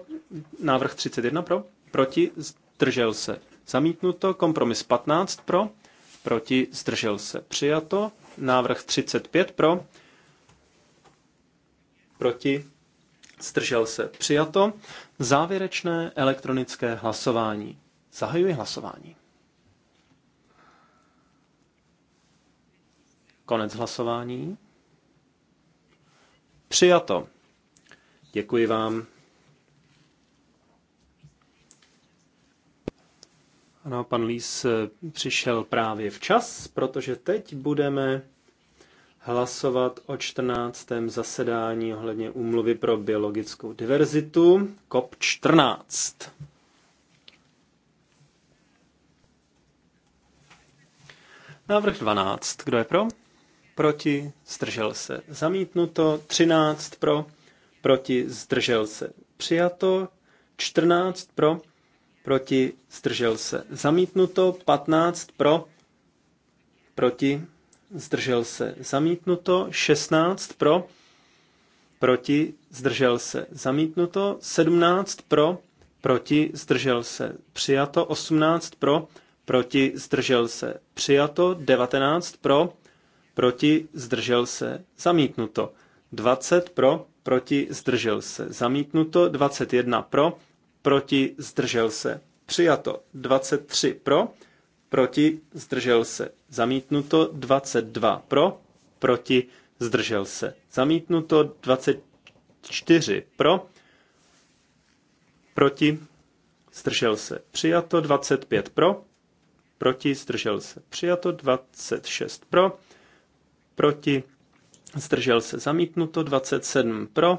[SPEAKER 3] Návrh 31 pro, proti, zdržel se, zamítnuto. Kompromis 15 pro, proti, zdržel se, přijato. Návrh 35 pro, proti, zdržel se, přijato. Závěrečné elektronické hlasování. Zahajuji hlasování. Konec hlasování. Přijato. Děkuji vám. Ano, pan Lís eh, přišel právě včas, protože teď budeme hlasovat o 14. zasedání ohledně úmluvy pro biologickou diverzitu COP14. Návrh 12. Kdo je pro? Proti? Stržel se. Zamítnuto. 13 pro proti, zdržel se. Přijato 14 pro, proti, zdržel se. Zamítnuto 15 pro, proti, zdržel se. Zamítnuto 16 pro, proti, zdržel se. Zamítnuto 17 pro, proti, zdržel se. Přijato 18 pro, proti, zdržel se. Přijato 19 pro, proti, zdržel se. Zamítnuto 20 pro, proti, zdržel se. Zamítnuto 21 pro, proti, zdržel se. Přijato 23 pro, proti, zdržel se. Zamítnuto 22 pro, proti, zdržel se. Zamítnuto 24 pro, proti, zdržel se. Přijato 25 pro, proti, zdržel se. Přijato 26 pro, proti, zdržel se zamítnuto, 27 pro,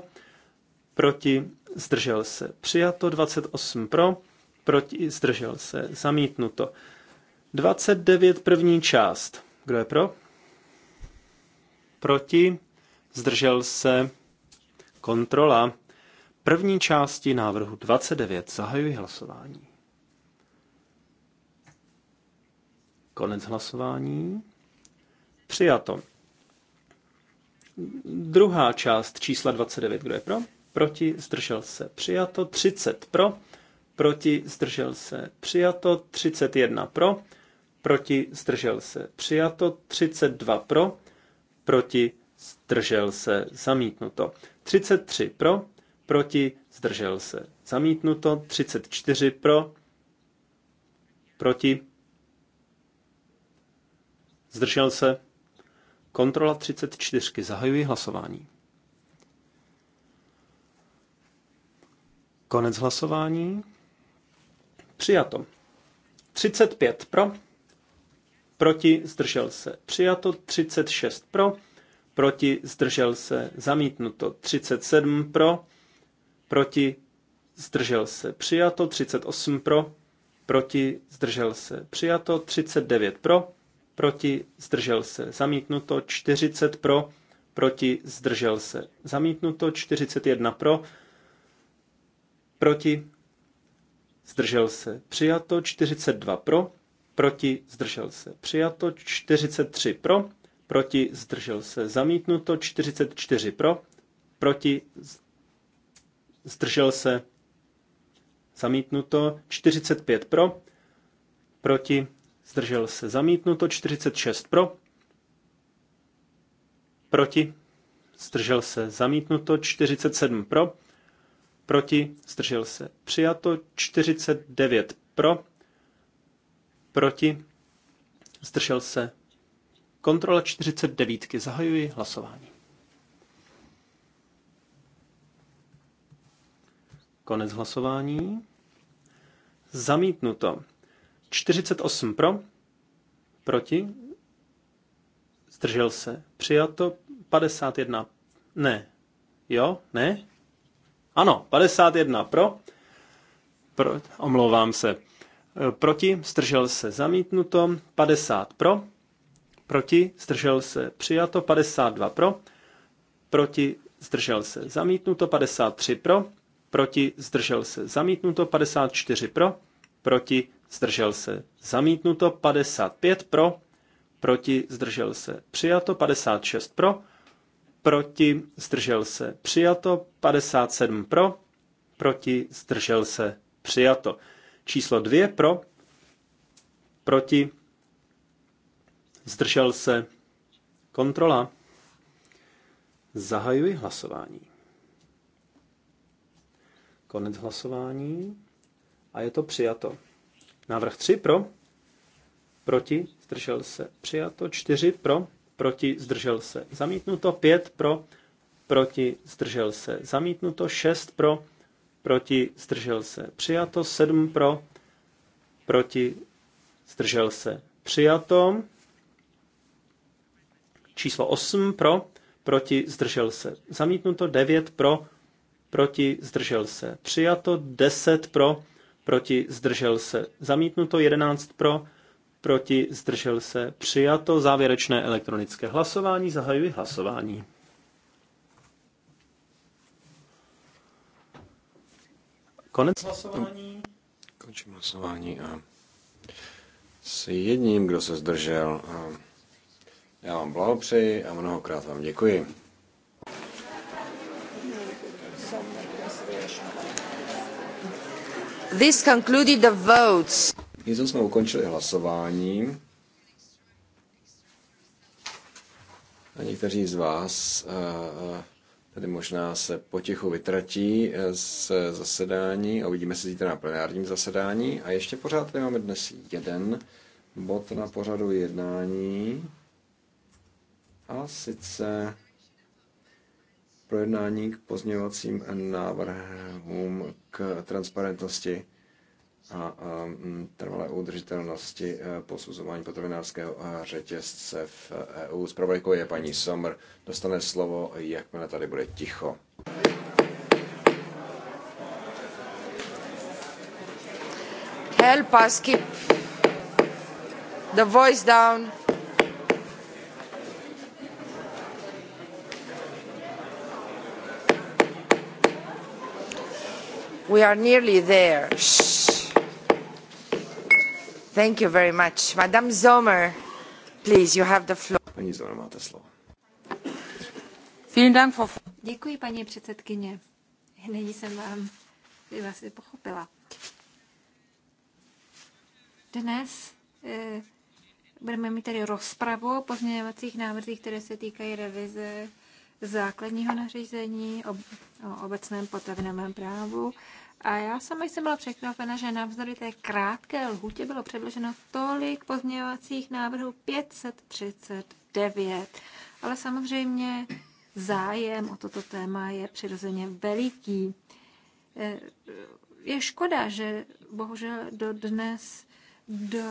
[SPEAKER 3] proti, zdržel se přijato, 28 pro, proti, zdržel se zamítnuto. 29 první část. Kdo je pro? Proti, zdržel se kontrola. První části návrhu 29. Zahajuji hlasování. Konec hlasování. Přijato. Druhá část čísla 29, kdo je pro? Proti, zdržel se, přijato. 30 pro, proti, zdržel se, přijato. 31 pro, proti, zdržel se, přijato. 32 pro, proti, zdržel se, zamítnuto. 33 pro, proti, zdržel se, zamítnuto. 34 pro, proti, zdržel se, Kontrola 34 Zahajuji hlasování. Konec hlasování. Přijato. 35 pro, proti zdržel se. Přijato 36 pro, proti zdržel se. Zamítnuto 37 pro, proti zdržel se. Přijato 38 pro, proti zdržel se. Přijato 39 pro, proti, zdržel se. Zamítnuto 40 pro, proti, zdržel se. Zamítnuto 41 pro, proti, zdržel se. Přijato 42 pro, proti, zdržel se. Přijato 43 pro, proti, zdržel se. Zamítnuto 44 pro, proti, zdržel se. Zamítnuto 45 pro, proti, zdržel se zamítnuto, 46 pro, proti, zdržel se zamítnuto, 47 pro, proti, zdržel se přijato, 49 pro, proti, zdržel se kontrola 49, zahajuji hlasování. Konec hlasování. Zamítnuto. 48 pro, proti, zdržel se, přijato, 51, ne, jo, ne, ano, 51 pro, pro omlouvám se, proti, zdržel se, zamítnuto, 50 pro, proti, zdržel se, přijato, 52 pro, proti, zdržel se, zamítnuto, 53 pro, proti, zdržel se, zamítnuto, 54 pro, proti, zdržel se, zamítnuto 55 pro, proti, zdržel se, přijato 56 pro, proti, zdržel se, přijato 57 pro, proti, zdržel se, přijato. Číslo 2 pro, proti, zdržel se, kontrola. Zahajuji hlasování. Konec hlasování a je to přijato. Návrh 3 pro, proti, zdržel se, přijato. 4 pro, proti, zdržel se, zamítnuto. 5 pro, proti, zdržel se, zamítnuto. 6 pro, proti, zdržel se, přijato. 7 pro, proti, zdržel se, přijato. Číslo 8 pro, proti, zdržel se, zamítnuto. 9 pro, proti, zdržel se, přijato. 10 pro, proti, zdržel se. Zamítnuto 11 pro, proti, zdržel se. Přijato závěrečné elektronické hlasování. Zahajuji hlasování. Konec hlasování. Končím hlasování a
[SPEAKER 2] s jedním, kdo se zdržel. A já vám blahopřeji a mnohokrát vám děkuji. This concluded the votes. Tím jsme ukončili hlasování. A někteří z vás eh, eh, tady možná se potichu vytratí eh, z zasedání a uvidíme se zítra na plenárním zasedání. A ještě pořád tady máme dnes jeden bod na pořadu jednání. A sice projednání k pozměňovacím návrhům k transparentnosti a mm, trvalé udržitelnosti e, posuzování potravinářského e, řetězce v EU. E Zpravodajkou je paní Sommer. Dostane slovo, jakmile tady bude ticho.
[SPEAKER 1] Help us keep the voice down. we are nearly there. Shh. Thank you very much. Madame Zomer, please, you have the floor. Paní Zomer, máte slovo. Děkuji, paní předsedkyně. Nyní jsem vám, vás pochopila. Dnes eh, budeme mít tady rozpravu o pozměňovacích návrzích, které se týkají revize základního nařízení o, o obecném potravinovém právu. A já sama jsem byla překvapena, že navzdory té krátké lhůtě bylo předloženo tolik pozměňovacích návrhů 539. Ale samozřejmě zájem o toto téma je přirozeně veliký. E, je škoda, že bohužel do dnes, do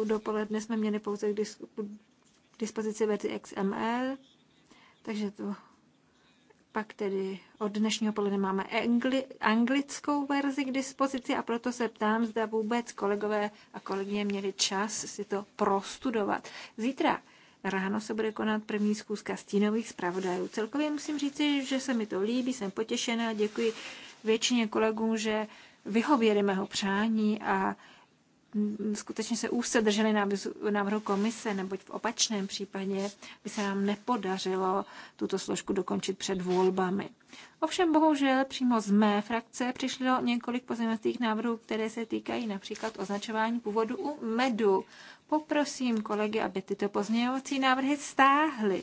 [SPEAKER 1] e, dopoledne jsme měli pouze k dispozici verzi XML, takže to pak tedy od dnešního poledne máme angli, anglickou verzi k dispozici a proto se ptám, zda vůbec kolegové a kolegyně měli čas si to prostudovat. Zítra Ráno se bude konat první zkouška stínových zpravodajů. Celkově musím říci, že se mi to líbí, jsem potěšená, děkuji většině kolegům, že vyhověli mého přání a skutečně se úse drželi návrhu komise, neboť v opačném případě by se nám nepodařilo tuto složku dokončit před volbami. Ovšem bohužel přímo z mé frakce přišlo několik pozměňovacích návrhů, které se týkají například označování původu u medu. Poprosím kolegy, aby tyto pozměňovací návrhy stáhly.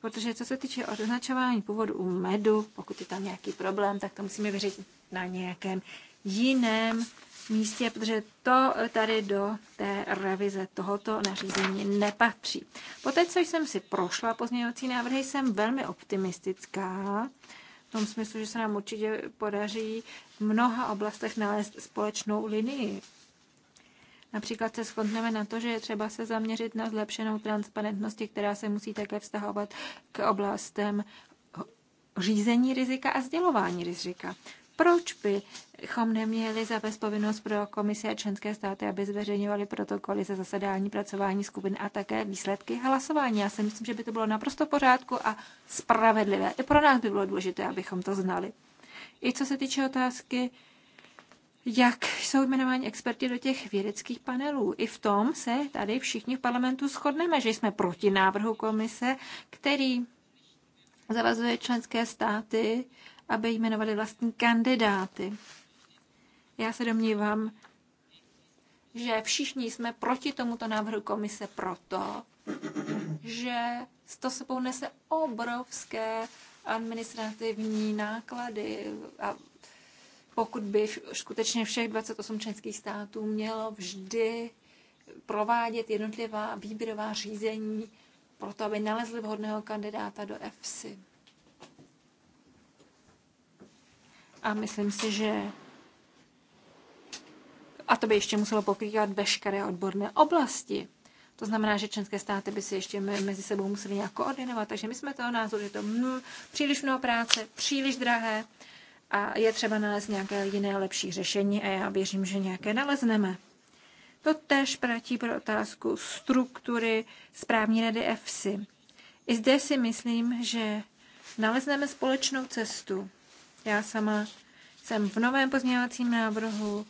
[SPEAKER 1] Protože co se týče označování původu u medu, pokud je tam nějaký problém, tak to musíme vyřešit na nějakém jiném místě, protože to tady do té revize tohoto nařízení nepatří. Poté, co jsem si prošla pozměňovací návrhy, jsem velmi optimistická v tom smyslu, že se nám určitě podaří v mnoha oblastech nalézt společnou linii. Například se shodneme na to, že je třeba se zaměřit na zlepšenou transparentnosti, která se musí také vztahovat k oblastem řízení rizika a sdělování rizika. Proč by bychom neměli zavést povinnost pro komise a členské státy, aby zveřejňovali protokoly ze zasedání, pracování skupin a také výsledky hlasování. Já si myslím, že by to bylo naprosto v pořádku a spravedlivé. I pro nás by bylo důležité, abychom to znali. I co se týče otázky, jak jsou jmenováni experti do těch vědeckých panelů. I v tom se tady všichni v parlamentu shodneme, že jsme proti návrhu komise, který zavazuje členské státy, aby jmenovali vlastní kandidáty. Já se domnívám, že všichni jsme proti tomuto návrhu komise proto, že to sebou nese obrovské administrativní náklady a pokud by skutečně všech 28 členských států mělo vždy provádět jednotlivá výběrová řízení pro to, aby nalezli vhodného kandidáta do EFSI. A myslím si, že a to by ještě muselo pokrývat veškeré odborné oblasti. To znamená, že členské státy by si ještě mezi sebou museli nějak koordinovat. Takže my jsme toho názoru, že to mm, příliš mnoho práce, příliš drahé a je třeba nalézt nějaké jiné lepší řešení a já věřím, že nějaké nalezneme. To tež platí pro otázku struktury správní rady EFSI. I zde si myslím, že nalezneme společnou cestu. Já sama jsem v novém pozměňovacím návrhu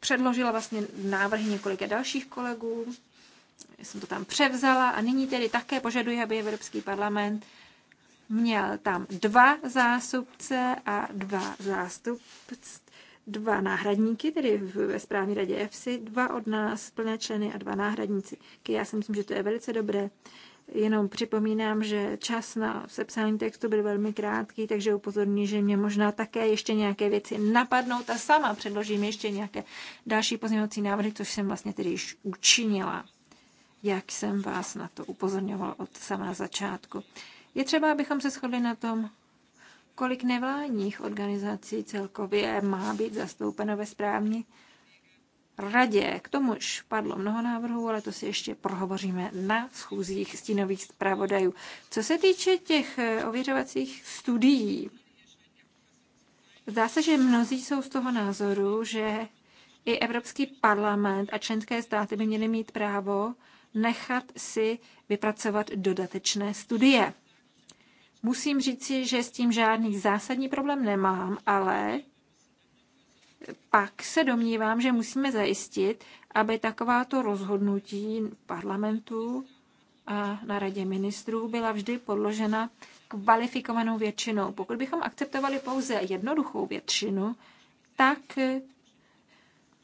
[SPEAKER 1] předložila vlastně návrhy několika dalších kolegů, jsem to tam převzala a nyní tedy také požaduji, aby Evropský parlament měl tam dva zástupce a dva zástupce, dva náhradníky, tedy ve správní radě EFSI, dva od nás plné členy a dva náhradníci. Já si myslím, že to je velice dobré. Jenom připomínám, že čas na sepsání textu byl velmi krátký, takže upozorní, že mě možná také ještě nějaké věci napadnou a sama předložím ještě nějaké další pozměňovací návrhy, což jsem vlastně tedy již učinila, jak jsem vás na to upozorňovala od samého začátku. Je třeba, abychom se shodli na tom, kolik nevládních organizací celkově má být zastoupeno ve správní radě. K tomu už padlo mnoho návrhů, ale to si ještě prohovoříme na schůzích stínových zpravodajů. Co se týče těch eh, ověřovacích studií, zdá se, že mnozí jsou z toho názoru, že i Evropský parlament a členské státy by měly mít právo nechat si vypracovat dodatečné studie. Musím říci, že s tím žádný zásadní problém nemám, ale pak se domnívám, že musíme zajistit, aby takováto rozhodnutí parlamentu a na radě ministrů byla vždy podložena kvalifikovanou většinou. Pokud bychom akceptovali pouze jednoduchou většinu, tak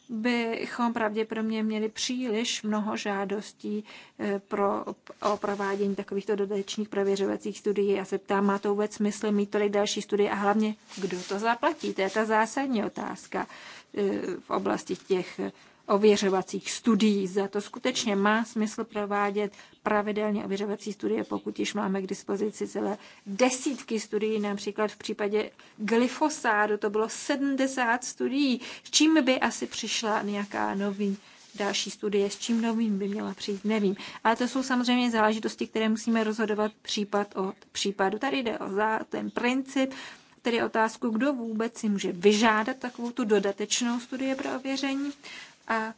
[SPEAKER 1] bychom pravděpodobně měli příliš mnoho žádostí eh, pro, o provádění takovýchto dodatečných prověřovacích studií. Já se ptám, má to vůbec smysl mít tolik další studie a hlavně, kdo to zaplatí? To je ta zásadní otázka eh, v oblasti těch ověřovacích studií. Za to skutečně má smysl provádět pravidelně ověřovací studie, pokud již máme k dispozici celé desítky studií, například v případě glyfosádu to bylo 70 studií. S čím by asi přišla nějaká nový další studie, s čím novým by měla přijít, nevím. Ale to jsou samozřejmě záležitosti, které musíme rozhodovat případ od případu. Tady jde o ten princip, tedy otázku, kdo vůbec si může vyžádat takovou tu dodatečnou studii pro ověření. A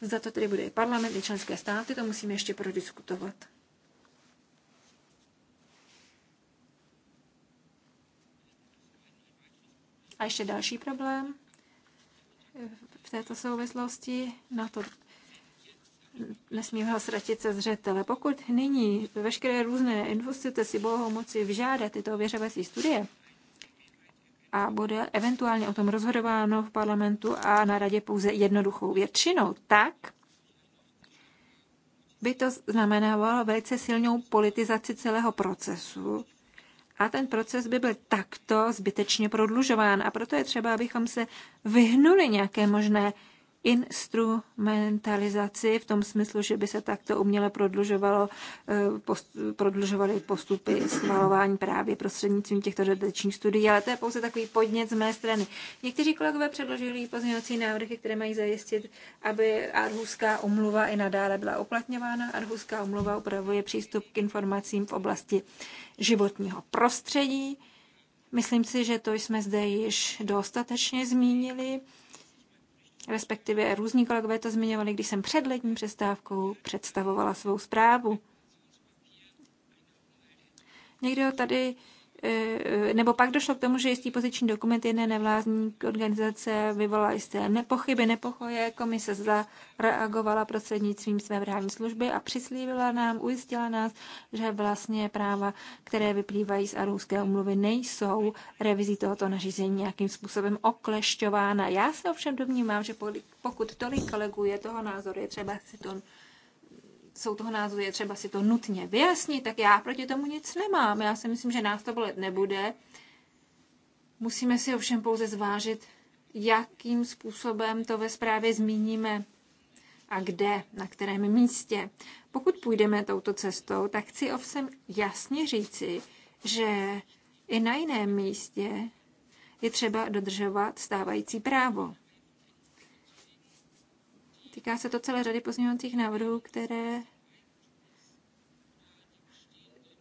[SPEAKER 1] za to tedy bude i parlament, i členské státy, to musíme ještě prodiskutovat. A ještě další problém v této souvislosti, na to nesmíme ho ztratit se zřetele. Pokud nyní veškeré různé investice si budou moci vyžádat tyto ověřovací studie, a bude eventuálně o tom rozhodováno v parlamentu a na radě pouze jednoduchou většinou, tak by to znamenalo velice silnou politizaci celého procesu a ten proces by byl takto zbytečně prodlužován. A proto je třeba, abychom se vyhnuli nějaké možné instrumentalizaci v tom smyslu, že by se takto uměle prodlužovalo, eh, post, prodlužovaly postupy schvalování právě prostřednictvím těchto dodatečních studií, ale to je pouze takový podnět z mé strany. Někteří kolegové předložili pozměňovací návrhy, které mají zajistit, aby Arhuská umluva i nadále byla uplatňována. Arhuská umluva upravuje přístup k informacím v oblasti životního prostředí. Myslím si, že to jsme zde již dostatečně zmínili respektive různí kolegové to zmiňovali, když jsem před letní přestávkou představovala svou zprávu. Někdo tady Eh, nebo pak došlo k tomu, že jistý poziční dokument jedné nevládní organizace vyvolal jisté nepochyby, nepochoje. Komise zareagovala prostřednictvím své vrání služby a přislíbila nám, ujistila nás, že vlastně práva, které vyplývají z arůské umluvy, nejsou revizí tohoto nařízení nějakým způsobem oklešťována. Já se ovšem domnívám, že pokud tolik kolegů je toho názoru, je třeba si to jsou toho názvu je třeba si to nutně vyjasnit, tak já proti tomu nic nemám. Já si myslím, že nás to bolet nebude. Musíme si ovšem pouze zvážit, jakým způsobem to ve zprávě zmíníme a kde, na kterém místě. Pokud půjdeme touto cestou, tak chci ovšem jasně říci, že i na jiném místě je třeba dodržovat stávající právo. Týká se to celé řady pozměňovacích návrhů, které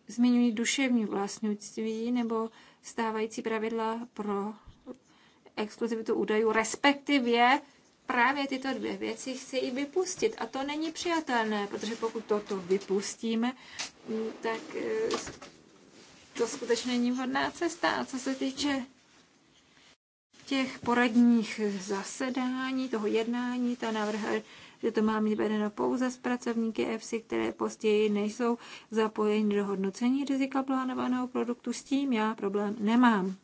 [SPEAKER 1] zmiňují duševní vlastnictví nebo stávající pravidla pro exkluzivitu údajů, respektive právě tyto dvě věci chci i vypustit. A to není přijatelné, protože pokud toto vypustíme, tak eh, to skutečně není vhodná cesta. A co se týče těch poradních zasedání, toho jednání, ta navrha, že to má mít vedeno pouze s pracovníky EFSI, které později nejsou zapojeni do hodnocení rizika plánovaného produktu. S tím já problém nemám.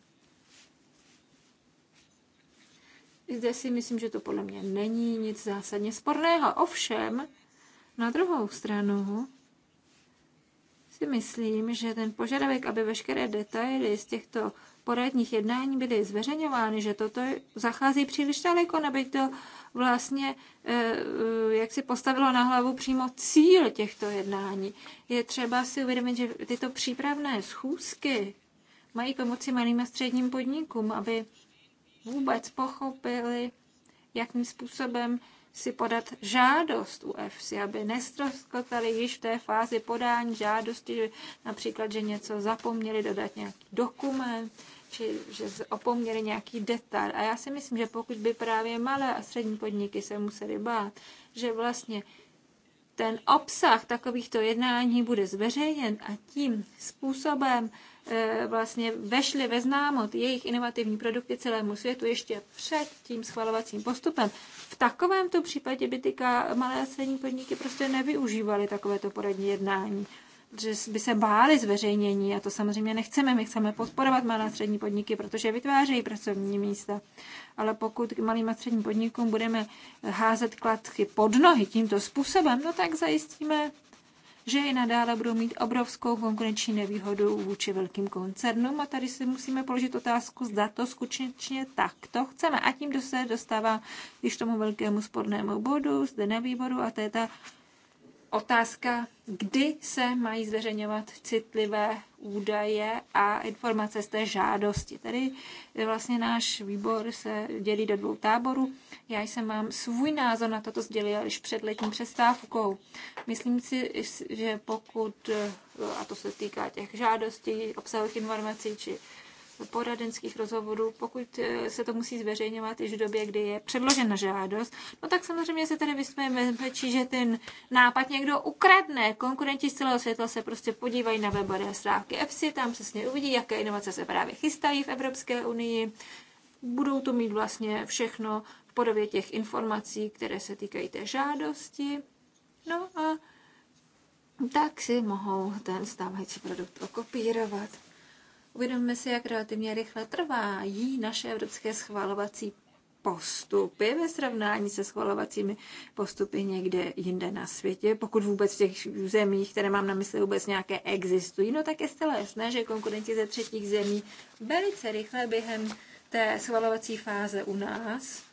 [SPEAKER 1] Zde si myslím, že to podle mě není nic zásadně sporného. Ovšem, na druhou stranu si myslím, že ten požadavek, aby veškeré detaily z těchto poradních jednání byly zveřejňovány, že toto zachází příliš daleko, neby to vlastně e, e, jak si postavilo na hlavu přímo cíl těchto jednání. Je třeba si uvědomit, že tyto přípravné schůzky mají pomoci malým a středním podnikům, aby vůbec pochopili, jakým způsobem si podat žádost u EFSI, aby nestroskotali již v té fázi podání žádosti, že například, že něco zapomněli dodat nějaký dokument, či že opomněli nějaký detail. A já si myslím, že pokud by právě malé a střední podniky se museli bát, že vlastně ten obsah takovýchto jednání bude zveřejněn a tím způsobem eh, vlastně vešly ve známot jejich inovativní produkty celému světu ještě před tím schvalovacím postupem. V takovémto případě by ty malé a střední podniky prostě nevyužívaly takovéto poradní jednání že by se báli zveřejnění a to samozřejmě nechceme. My chceme podporovat malé a střední podniky, protože vytvářejí pracovní místa. Ale pokud malým a středním podnikům budeme házet kladky pod nohy tímto způsobem, no tak zajistíme, že i nadále budou mít obrovskou konkurenční nevýhodu vůči velkým koncernům. A tady si musíme položit otázku, zda to skutečně takto chceme. A tím se dostává když tomu velkému spornému bodu, zde na výboru, a to je ta otázka, kdy se mají zveřejňovat citlivé údaje a informace z té žádosti. Tedy eh, vlastně náš výbor se dělí do dvou táborů. Já jsem mám svůj názor na toto sdělila již před letní přestávkou. Myslím si, že pokud, eh, a to se týká těch žádostí, obsahových informací či poradenských rozhovorů, pokud eh, se to musí zveřejňovat již v době, kdy je předložena žádost, no tak samozřejmě se tady vysmějeme bezpečí, že ten nápad někdo ukradne. Konkurenti z celého světa se prostě podívají na webové stránky EFSI, tam přesně uvidí, jaké inovace se právě chystají v Evropské unii. Budou to mít vlastně všechno v podobě těch informací, které se týkají té žádosti. No a tak si mohou ten stávající produkt okopírovat. Uvědomíme si, jak relativně rychle trvá jí naše evropské schvalovací postupy ve srovnání se schvalovacími postupy někde jinde na světě. Pokud vůbec v těch zemích, které mám na mysli, vůbec nějaké existují, no tak je zcela jasné, že konkurenti ze třetích zemí velice rychle během té schvalovací fáze u nás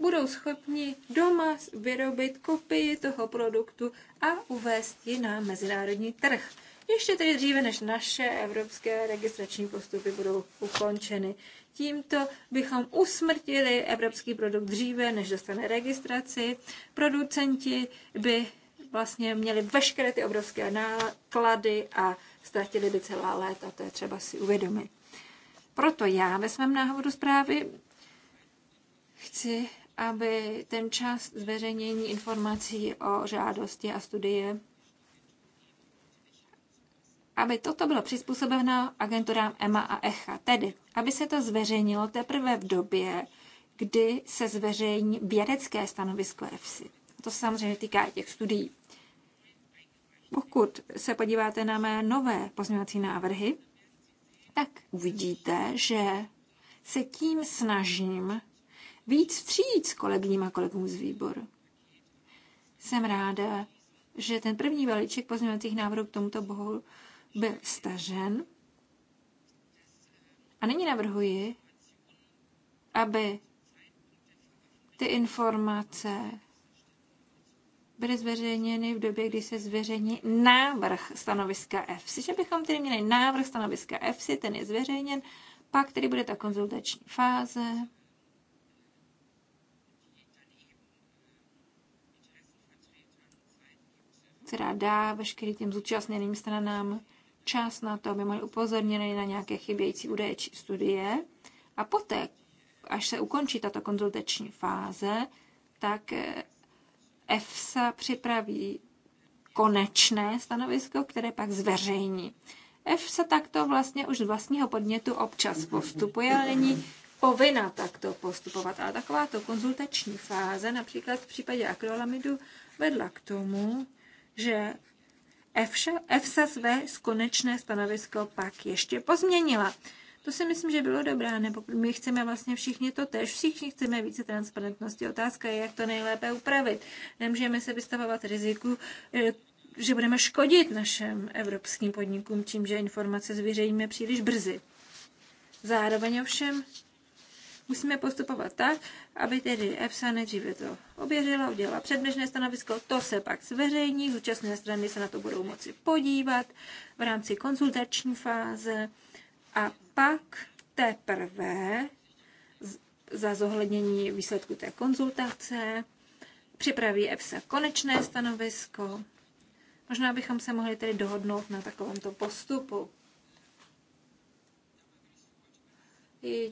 [SPEAKER 1] budou schopni doma vyrobit kopii toho produktu a uvést ji na mezinárodní trh ještě tedy dříve, než naše evropské registrační postupy budou ukončeny. Tímto bychom usmrtili evropský produkt dříve, než dostane registraci. Producenti by vlastně měli veškeré ty obrovské náklady a ztratili by celá léta. To je třeba si uvědomit. Proto já ve svém náhodu zprávy chci, aby ten čas zveřejnění informací o žádosti a studie aby toto bylo přizpůsobeno agenturám EMA a ECHA, e tedy aby se to zveřejnilo teprve v době, kdy se zveřejní vědecké stanovisko EFSI. To se samozřejmě týká těch studií. Pokud se podíváte na mé nové pozměňovací návrhy, tak uvidíte, že se tím snažím víc vstříc kolegyním a kolegům z výboru. Jsem ráda, že ten první balíček pozměňovacích návrhů k tomuto bohu byl stažen. A nyní navrhuji, aby ty informace byly zveřejněny v době, kdy se zveřejní návrh stanoviska FC. že bychom tedy měli návrh stanoviska FC, ten je zveřejněn, pak tedy bude ta konzultační fáze. která dá veškerým těm zúčastněným stranám čas na to, aby mohli upozorněni na nějaké chybějící údaje či studie. A poté, až se ukončí tato konzultační fáze, tak eh, EFSA připraví konečné stanovisko, které pak zveřejní. EFSA takto vlastně už z vlastního podnětu občas postupuje, ale není povinna takto postupovat. Ale takováto konzultační fáze, například v případě akrolamidu, vedla k tomu, že EFSA své konečné stanovisko pak ještě pozměnila. To si myslím, že bylo dobré, nebo my chceme vlastně všichni to tež, všichni chceme více transparentnosti. Otázka je, jak to nejlépe upravit. Nemůžeme se vystavovat riziku, eh, že budeme škodit našem evropským podnikům tím, že informace zveřejníme příliš brzy. Zároveň ovšem Musíme postupovat tak, aby tedy EFSA nejdříve to ověřila, udělala předběžné stanovisko, to se pak zveřejní, zúčastné strany se na to budou moci podívat v rámci konzultační fáze a pak teprve za zohlednění výsledku té konzultace připraví EFSA konečné stanovisko. Možná bychom se mohli tedy dohodnout na takovémto postupu.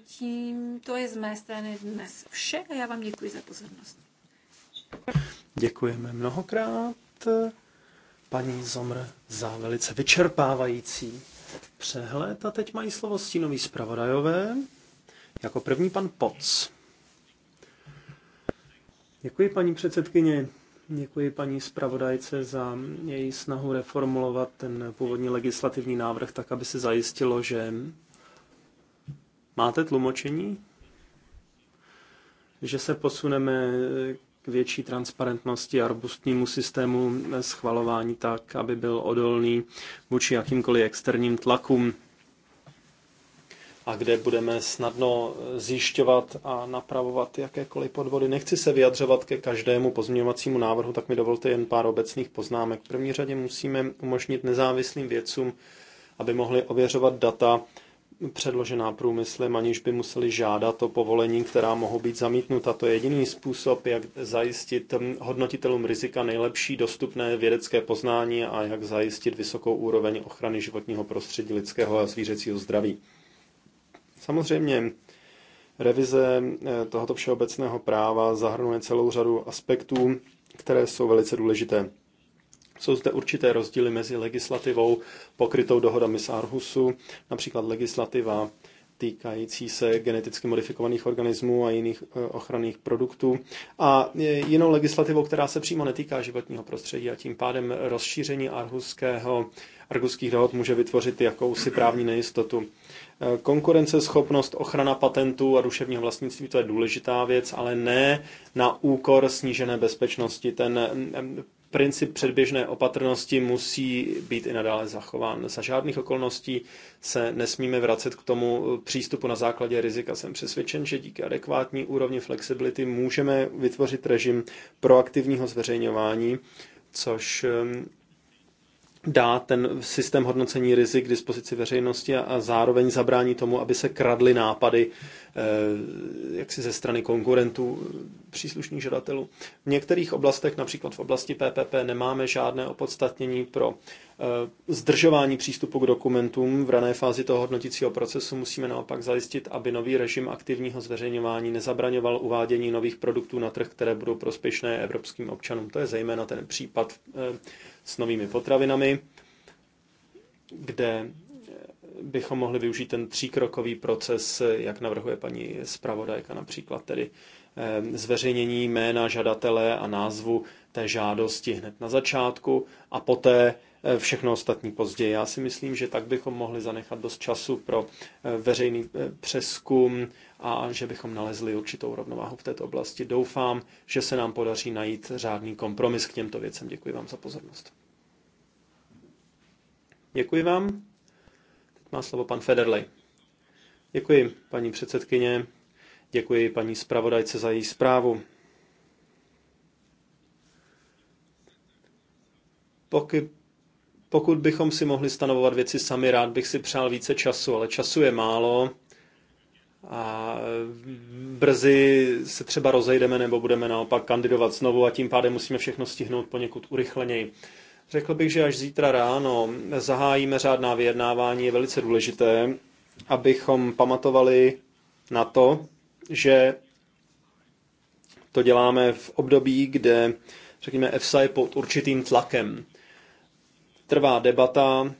[SPEAKER 1] Tím to je z mé strany dnes vše a já vám děkuji za pozornost.
[SPEAKER 3] Děkujeme mnohokrát paní Zomr za velice vyčerpávající přehled. A teď mají slovo stínový zpravodajové. Jako první pan Poc. Děkuji paní předsedkyně. Děkuji paní zpravodajce za její snahu reformulovat ten původní legislativní návrh tak, aby se zajistilo, že Máte tlumočení? Že se posuneme k větší transparentnosti a robustnímu systému schvalování tak, aby byl odolný vůči jakýmkoliv externím tlakům a kde budeme snadno zjišťovat a napravovat jakékoliv podvody. Nechci se vyjadřovat ke každému pozměňovacímu návrhu, tak mi dovolte jen pár obecných poznámek. V první řadě musíme umožnit nezávislým vědcům, aby mohli ověřovat data předložená průmyslem, aniž by museli žádat o povolení, která mohou být zamítnuta. To je jediný způsob, jak zajistit hodnotitelům rizika nejlepší dostupné vědecké poznání a jak zajistit vysokou úroveň ochrany životního prostředí, lidského a zvířecího zdraví. Samozřejmě revize eh, tohoto všeobecného práva zahrnuje celou řadu aspektů, které jsou velice důležité. Jsou zde určité rozdíly mezi legislativou pokrytou dohodami z Arhusu, například legislativa týkající se geneticky modifikovaných organismů a jiných eh, ochranných produktů a eh, jinou legislativou, která se přímo netýká životního prostředí a tím pádem rozšíření arhuského, arguských dohod může vytvořit jakousi právní nejistotu. Eh, konkurenceschopnost, ochrana patentů a duševního vlastnictví, to je důležitá věc, ale ne na úkor snížené bezpečnosti. Ten mm, Princip předběžné opatrnosti musí být i nadále zachován. Za žádných okolností se nesmíme vracet k tomu přístupu na základě rizika. Jsem přesvědčen, že díky adekvátní úrovni flexibility můžeme vytvořit režim proaktivního zveřejňování, což dá ten systém hodnocení rizik k dispozici veřejnosti a, a zároveň zabrání tomu, aby se kradly nápady eh, jak si ze strany konkurentů eh, příslušných žadatelů. V některých oblastech, například v oblasti PPP, nemáme žádné opodstatnění pro eh, zdržování přístupu k dokumentům. V rané fázi toho hodnotícího procesu musíme naopak zajistit, aby nový režim aktivního zveřejňování nezabraňoval uvádění nových produktů na trh, které budou prospěšné evropským občanům. To je zejména ten případ s novými potravinami, kde bychom mohli využít ten tříkrokový proces, jak navrhuje paní zpravodajka, například tedy eh, zveřejnění jména žadatele a názvu té žádosti hned na začátku a poté Eh, všechno ostatní později. Já si myslím, že tak bychom mohli zanechat dost času pro eh, veřejný eh, přeskum a že bychom nalezli určitou rovnováhu v této oblasti. Doufám, že se nám podaří najít řádný kompromis k těmto věcem. Děkuji vám za pozornost. Děkuji vám. Teď má slovo pan Federley. Děkuji, paní předsedkyně. Děkuji paní zpravodajce za její zprávu. Pokud pokud bychom si mohli stanovovat věci sami, rád bych si přál více času, ale času je málo a brzy se třeba rozejdeme nebo budeme naopak kandidovat znovu a tím pádem musíme všechno stihnout poněkud urychleněji. Řekl bych, že až zítra ráno zahájíme řádná vyjednávání. Je velice důležité, abychom pamatovali na to, že to děláme v období, kde, řekněme, EFSA je pod určitým tlakem. Trvá debata,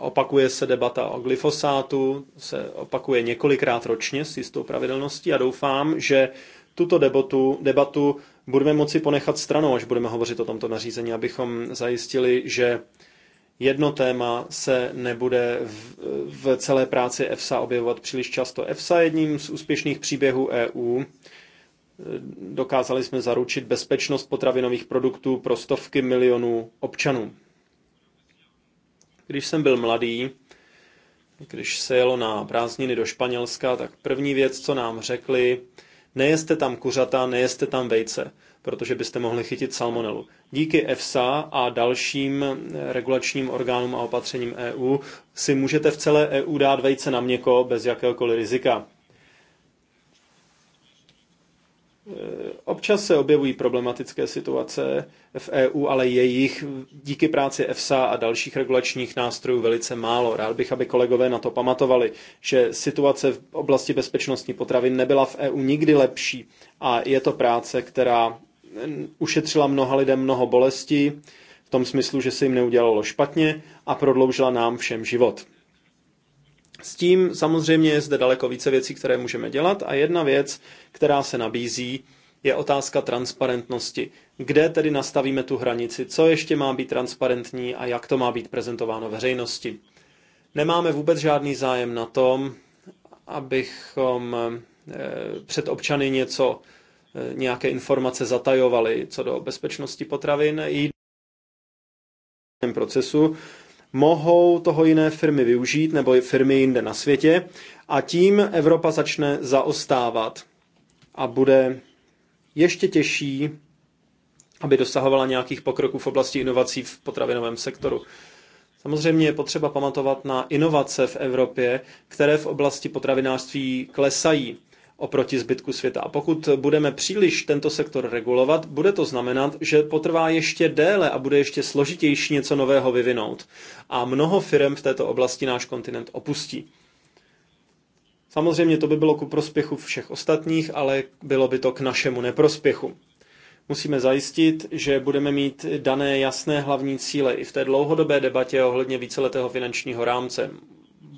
[SPEAKER 3] opakuje se debata o glyfosátu, se opakuje několikrát ročně s jistou pravidelností a doufám, že tuto debatu, debatu budeme moci ponechat stranou, až budeme hovořit o tomto nařízení, abychom zajistili, že jedno téma se nebude v, v celé práci EFSA objevovat příliš často. EFSA je jedním z úspěšných příběhů EU. Dokázali jsme zaručit bezpečnost potravinových produktů pro stovky milionů občanů. Když jsem byl mladý, když se jelo na prázdniny do Španělska, tak první věc, co nám řekli, nejeste tam kuřata, nejeste tam vejce, protože byste mohli chytit salmonelu. Díky EFSA a dalším regulačním orgánům a opatřením EU si můžete v celé EU dát vejce na měko bez jakéhokoliv rizika. Eh, občas se objevují problematické situace v EU, ale je jich díky práci EFSA a dalších regulačních nástrojů velice málo. Rád bych, aby kolegové na to pamatovali, že situace v oblasti bezpečnostní potravin nebyla v EU nikdy lepší a je to práce, která eh, ušetřila mnoha lidem mnoho bolesti, v tom smyslu, že se jim neudělalo špatně a prodloužila nám všem život. S tím samozřejmě je zde daleko více věcí, které můžeme dělat a jedna věc, která se nabízí, je otázka transparentnosti. Kde tedy nastavíme tu hranici, co ještě má být transparentní a jak to má být prezentováno veřejnosti. Nemáme vůbec žádný zájem na tom, abychom eh, před občany něco, eh, nějaké informace zatajovali co do bezpečnosti potravin. I procesu mohou toho jiné firmy využít nebo firmy jinde na světě a tím Evropa začne zaostávat a bude ještě těžší, aby dosahovala nějakých pokroků v oblasti inovací v potravinovém sektoru. Samozřejmě je potřeba pamatovat na inovace v Evropě, které v oblasti potravinářství klesají oproti zbytku světa. A pokud budeme příliš tento sektor regulovat, bude to znamenat, že potrvá ještě déle a bude ještě složitější něco nového vyvinout. A mnoho firm v této oblasti náš kontinent opustí. Samozřejmě to by bylo ku prospěchu všech ostatních, ale bylo by to k našemu neprospěchu. Musíme zajistit, že budeme mít dané jasné hlavní cíle i v té dlouhodobé debatě ohledně víceletého finančního rámce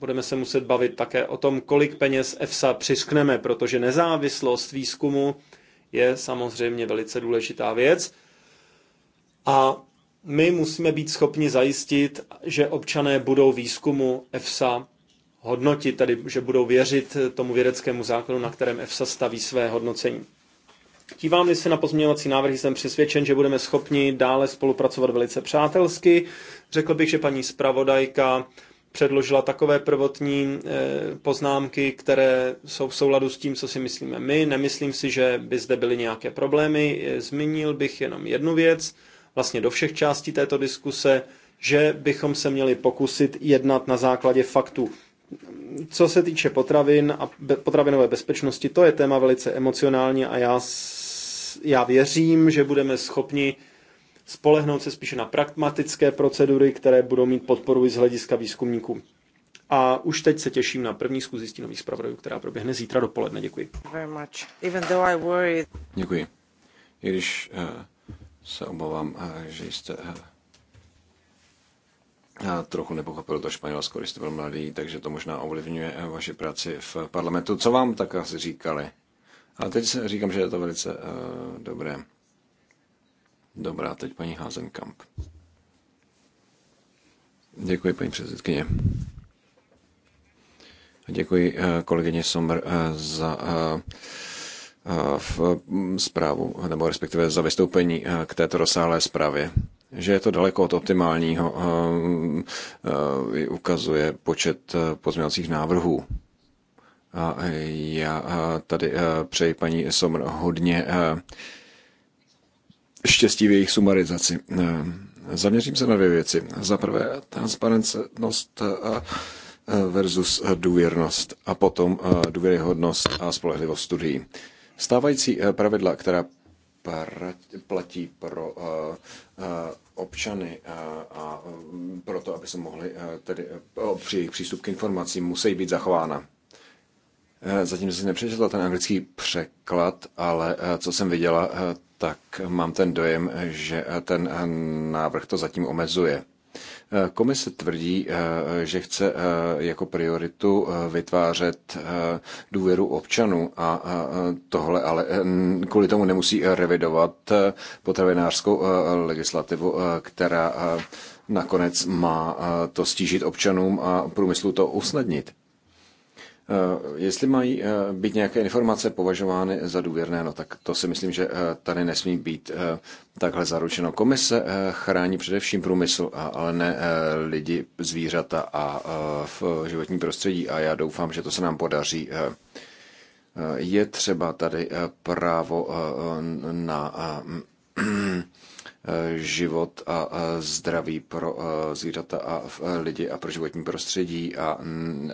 [SPEAKER 3] budeme se muset bavit také o tom, kolik peněz EFSA přiskneme, protože nezávislost výzkumu je samozřejmě velice důležitá věc. A my musíme být schopni zajistit, že občané budou výzkumu EFSA hodnotit, tedy že budou věřit tomu vědeckému zákonu, na kterém EFSA staví své hodnocení. Dívám-li se na pozměňovací návrhy, jsem přesvědčen, že budeme schopni dále spolupracovat velice přátelsky. Řekl bych, že paní zpravodajka předložila takové prvotní eh, poznámky, které jsou v souladu s tím, co si myslíme my. Nemyslím si, že by zde byly nějaké problémy. Eh, zmínil bych jenom jednu věc, vlastně do všech částí této diskuse, že bychom se měli pokusit jednat na základě faktů. Co se týče potravin a potravinové bezpečnosti, to je téma velice emocionální a já, já věřím, že budeme schopni spolehnout se spíše na pragmatické procedury, které budou mít podporu i z hlediska výzkumníků. A už teď se těším na první schůzi stínových zpravodajů, která proběhne zítra dopoledne. Děkuji. Děkuji.
[SPEAKER 2] I když uh, se obávám, uh, že jste uh, uh, trochu nepochopil to Španělsko, když jste byl mladý, takže to možná ovlivňuje vaši práci v parlamentu. Co vám tak asi říkali? A teď se říkám, že je to velice uh, dobré. Dobrá, teď paní Házenkamp. Děkuji, paní předsedkyně. Děkuji eh, kolegyně Somr eh, za eh, mm, zprávu, nebo respektive za vystoupení k této rozsáhlé zprávě. Že je to daleko od optimálního, ukazuje počet pozměňovacích návrhů. já tady přeji paní Somr hodně štěstí v jejich sumarizaci. Eh, zaměřím se na dvě věci. Za prvé transparentnost eh, eh, versus důvěrnost a potom důvěryhodnost a spolehlivost studií. Stávající pravidla, která platí pro občany a mm, pro to, aby se mohli tedy při jejich přístup k informacím, musí být zachována. Zatím jsem si nepřečetla ten anglický překlad, ale co jsem viděla, tak mám ten dojem, že ten návrh to zatím omezuje. Komise tvrdí, že chce eh, jako prioritu eh, vytvářet eh, důvěru občanů a tohle, ale kvůli tomu nemusí revidovat potravinářskou legislativu, která nakonec má to stížit občanům a průmyslu to usnadnit. Eh, jestli mají eh, být nějaké informace považovány za důvěrné, no tak to si myslím, že eh, tady nesmí být takhle zaručeno. Komise chrání především průmysl, ale ne lidi, zvířata a v životní prostředí a já doufám, že to se nám podaří. Je třeba tady právo na život a zdraví pro zvířata a lidi a pro životní prostředí a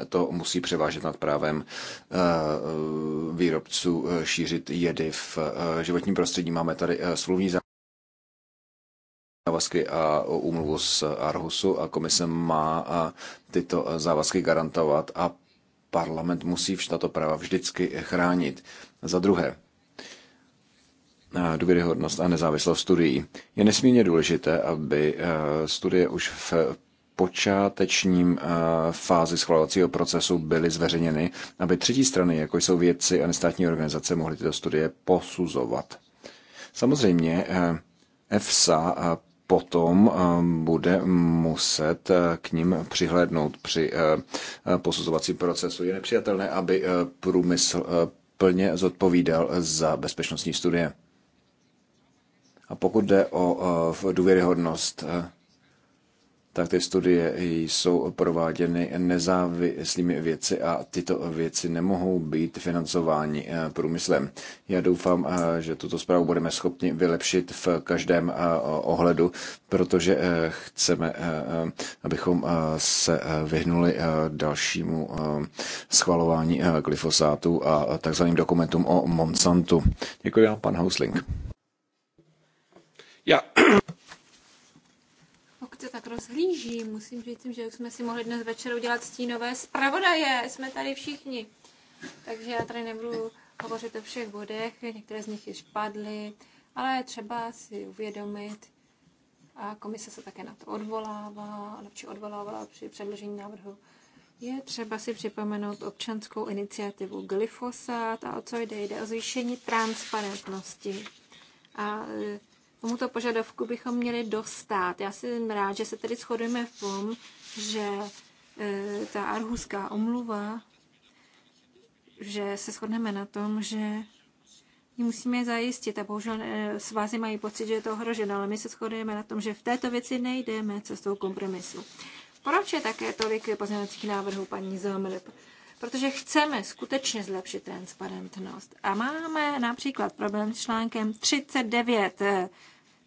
[SPEAKER 2] to musí převážet nad právem výrobců šířit jedy v životním prostředí. Máme tady smluvní zákon závazky a úmluvu z Arhusu a komise má tyto závazky garantovat a parlament musí tato práva vždycky chránit. Za druhé, důvěryhodnost a nezávislost studií. Je nesmírně důležité, aby eh, studie už v počátečním eh, fázi schvalovacího procesu byly zveřejněny, aby třetí strany, jako jsou vědci a nestátní organizace, mohly tyto studie posuzovat. Samozřejmě eh, EFSA potom bude muset k ním přihlédnout při posuzovacím procesu. Je nepřijatelné, aby průmysl plně zodpovídal za bezpečnostní studie. A pokud jde o důvěryhodnost, eh, tak ty studie jsou prováděny nezávislými věci a tyto věci nemohou být financovány eh, průmyslem. Já doufám, eh, že tuto zprávu budeme schopni vylepšit v každém ohledu, protože chceme, abychom se vyhnuli dalšímu schvalování glyfosátu a takzvaným dokumentům o Monsantu. Děkuji vám, pan Housling. Já...
[SPEAKER 1] Pokud se tak rozhlíží, musím říct, že už jsme si mohli dnes večer udělat stínové zpravodaje. Jsme tady všichni. Takže já tady nebudu hovořit o všech bodech, některé z nich již padly, ale třeba si uvědomit, a komise se také na to odvolává, či odvolávala při předložení návrhu, je třeba si připomenout občanskou iniciativu Glyfosát a o co jde? Jde o zvýšení transparentnosti a e, Tomuto požadavku bychom měli dostat. Já jsem rád, že se tedy shodujeme v tom, že e, ta arhuská omluva, že se shodneme na tom, že ji musíme zajistit a bohužel e, vás mají pocit, že je to ohroženo, ale my se shodujeme na tom, že v této věci nejdeme cestou kompromisu. Proč je také tolik pozměňovacích návrhů paní Zomlip? Protože chceme skutečně zlepšit transparentnost. A máme například problém s článkem 39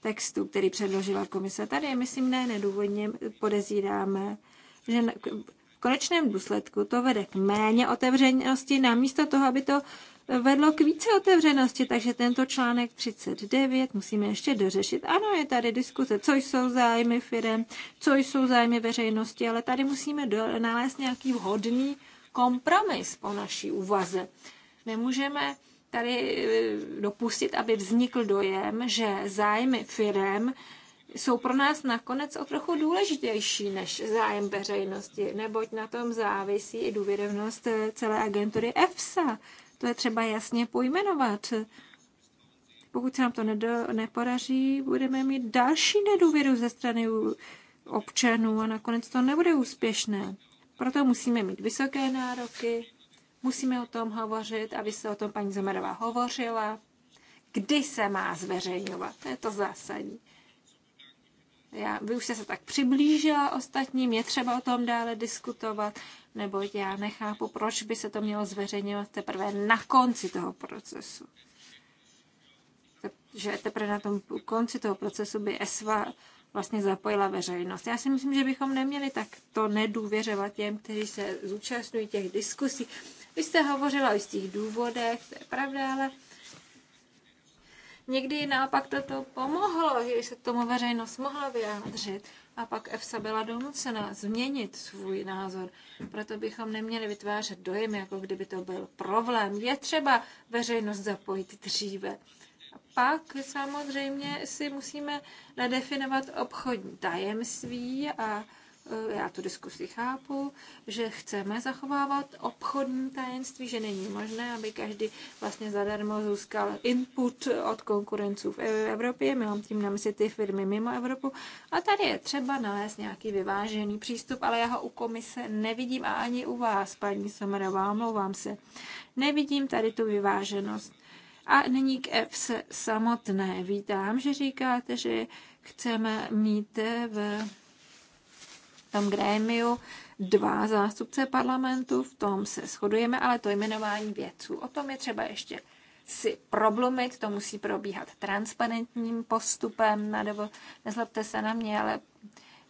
[SPEAKER 1] textu, který předložila komise. Tady, myslím, ne nedůvodně podezíráme, že v konečném důsledku to vede k méně otevřenosti, namísto toho, aby to vedlo k více otevřenosti, takže tento článek 39 musíme ještě dořešit. Ano, je tady diskuze, co jsou zájmy firem, co jsou zájmy veřejnosti, ale tady musíme do, nalézt nějaký vhodný kompromis po naší úvaze. Nemůžeme tady eh, dopustit, aby vznikl dojem, že zájmy firem jsou pro nás nakonec o trochu důležitější než zájem veřejnosti, neboť na tom závisí i důvěrevnost eh, celé agentury EFSA. To je třeba jasně pojmenovat. Pokud se nám to nedo, nepodaří, budeme mít další nedůvěru ze strany občanů a nakonec to nebude úspěšné. Proto musíme mít vysoké nároky, Musíme o tom hovořit, aby se o tom paní Zemerová hovořila. Kdy se má zveřejňovat? To je to zásadní. Já, vy už jste se tak přiblížila ostatním, je třeba o tom dále diskutovat, nebo já nechápu, proč by se to mělo zveřejňovat teprve na konci toho procesu. Že teprve na tom konci toho procesu by ESVA vlastně zapojila veřejnost. Já si myslím, že bychom neměli tak to nedůvěřovat těm, kteří se zúčastňují těch diskusí. Vy jste hovořila o jistých důvodech, to je pravda, ale někdy naopak toto pomohlo, že se k tomu veřejnost mohla vyjádřit a pak EFSA byla donucena změnit svůj názor. Proto bychom neměli vytvářet dojem, jako kdyby to byl problém. Je třeba veřejnost zapojit dříve. A pak samozřejmě si musíme nadefinovat obchodní tajemství a Eh, já tu diskusi chápu, že chceme zachovávat obchodní tajemství, že není možné, aby každý vlastně zadarmo získal input od konkurenců v Evropě, mám tím na mysli ty firmy mimo Evropu, a tady je třeba nalézt nějaký vyvážený přístup, ale já ho u komise nevidím a ani u vás, paní Somerová, omlouvám se. Nevidím tady tu vyváženost. A nyní k EFS samotné. Vítám, že říkáte, že chceme mít v tom grémiu dva zástupce parlamentu, v tom se shodujeme, ale to jmenování věců. o tom je třeba ještě si problumit, to musí probíhat transparentním postupem, nebo nezlobte se na mě, ale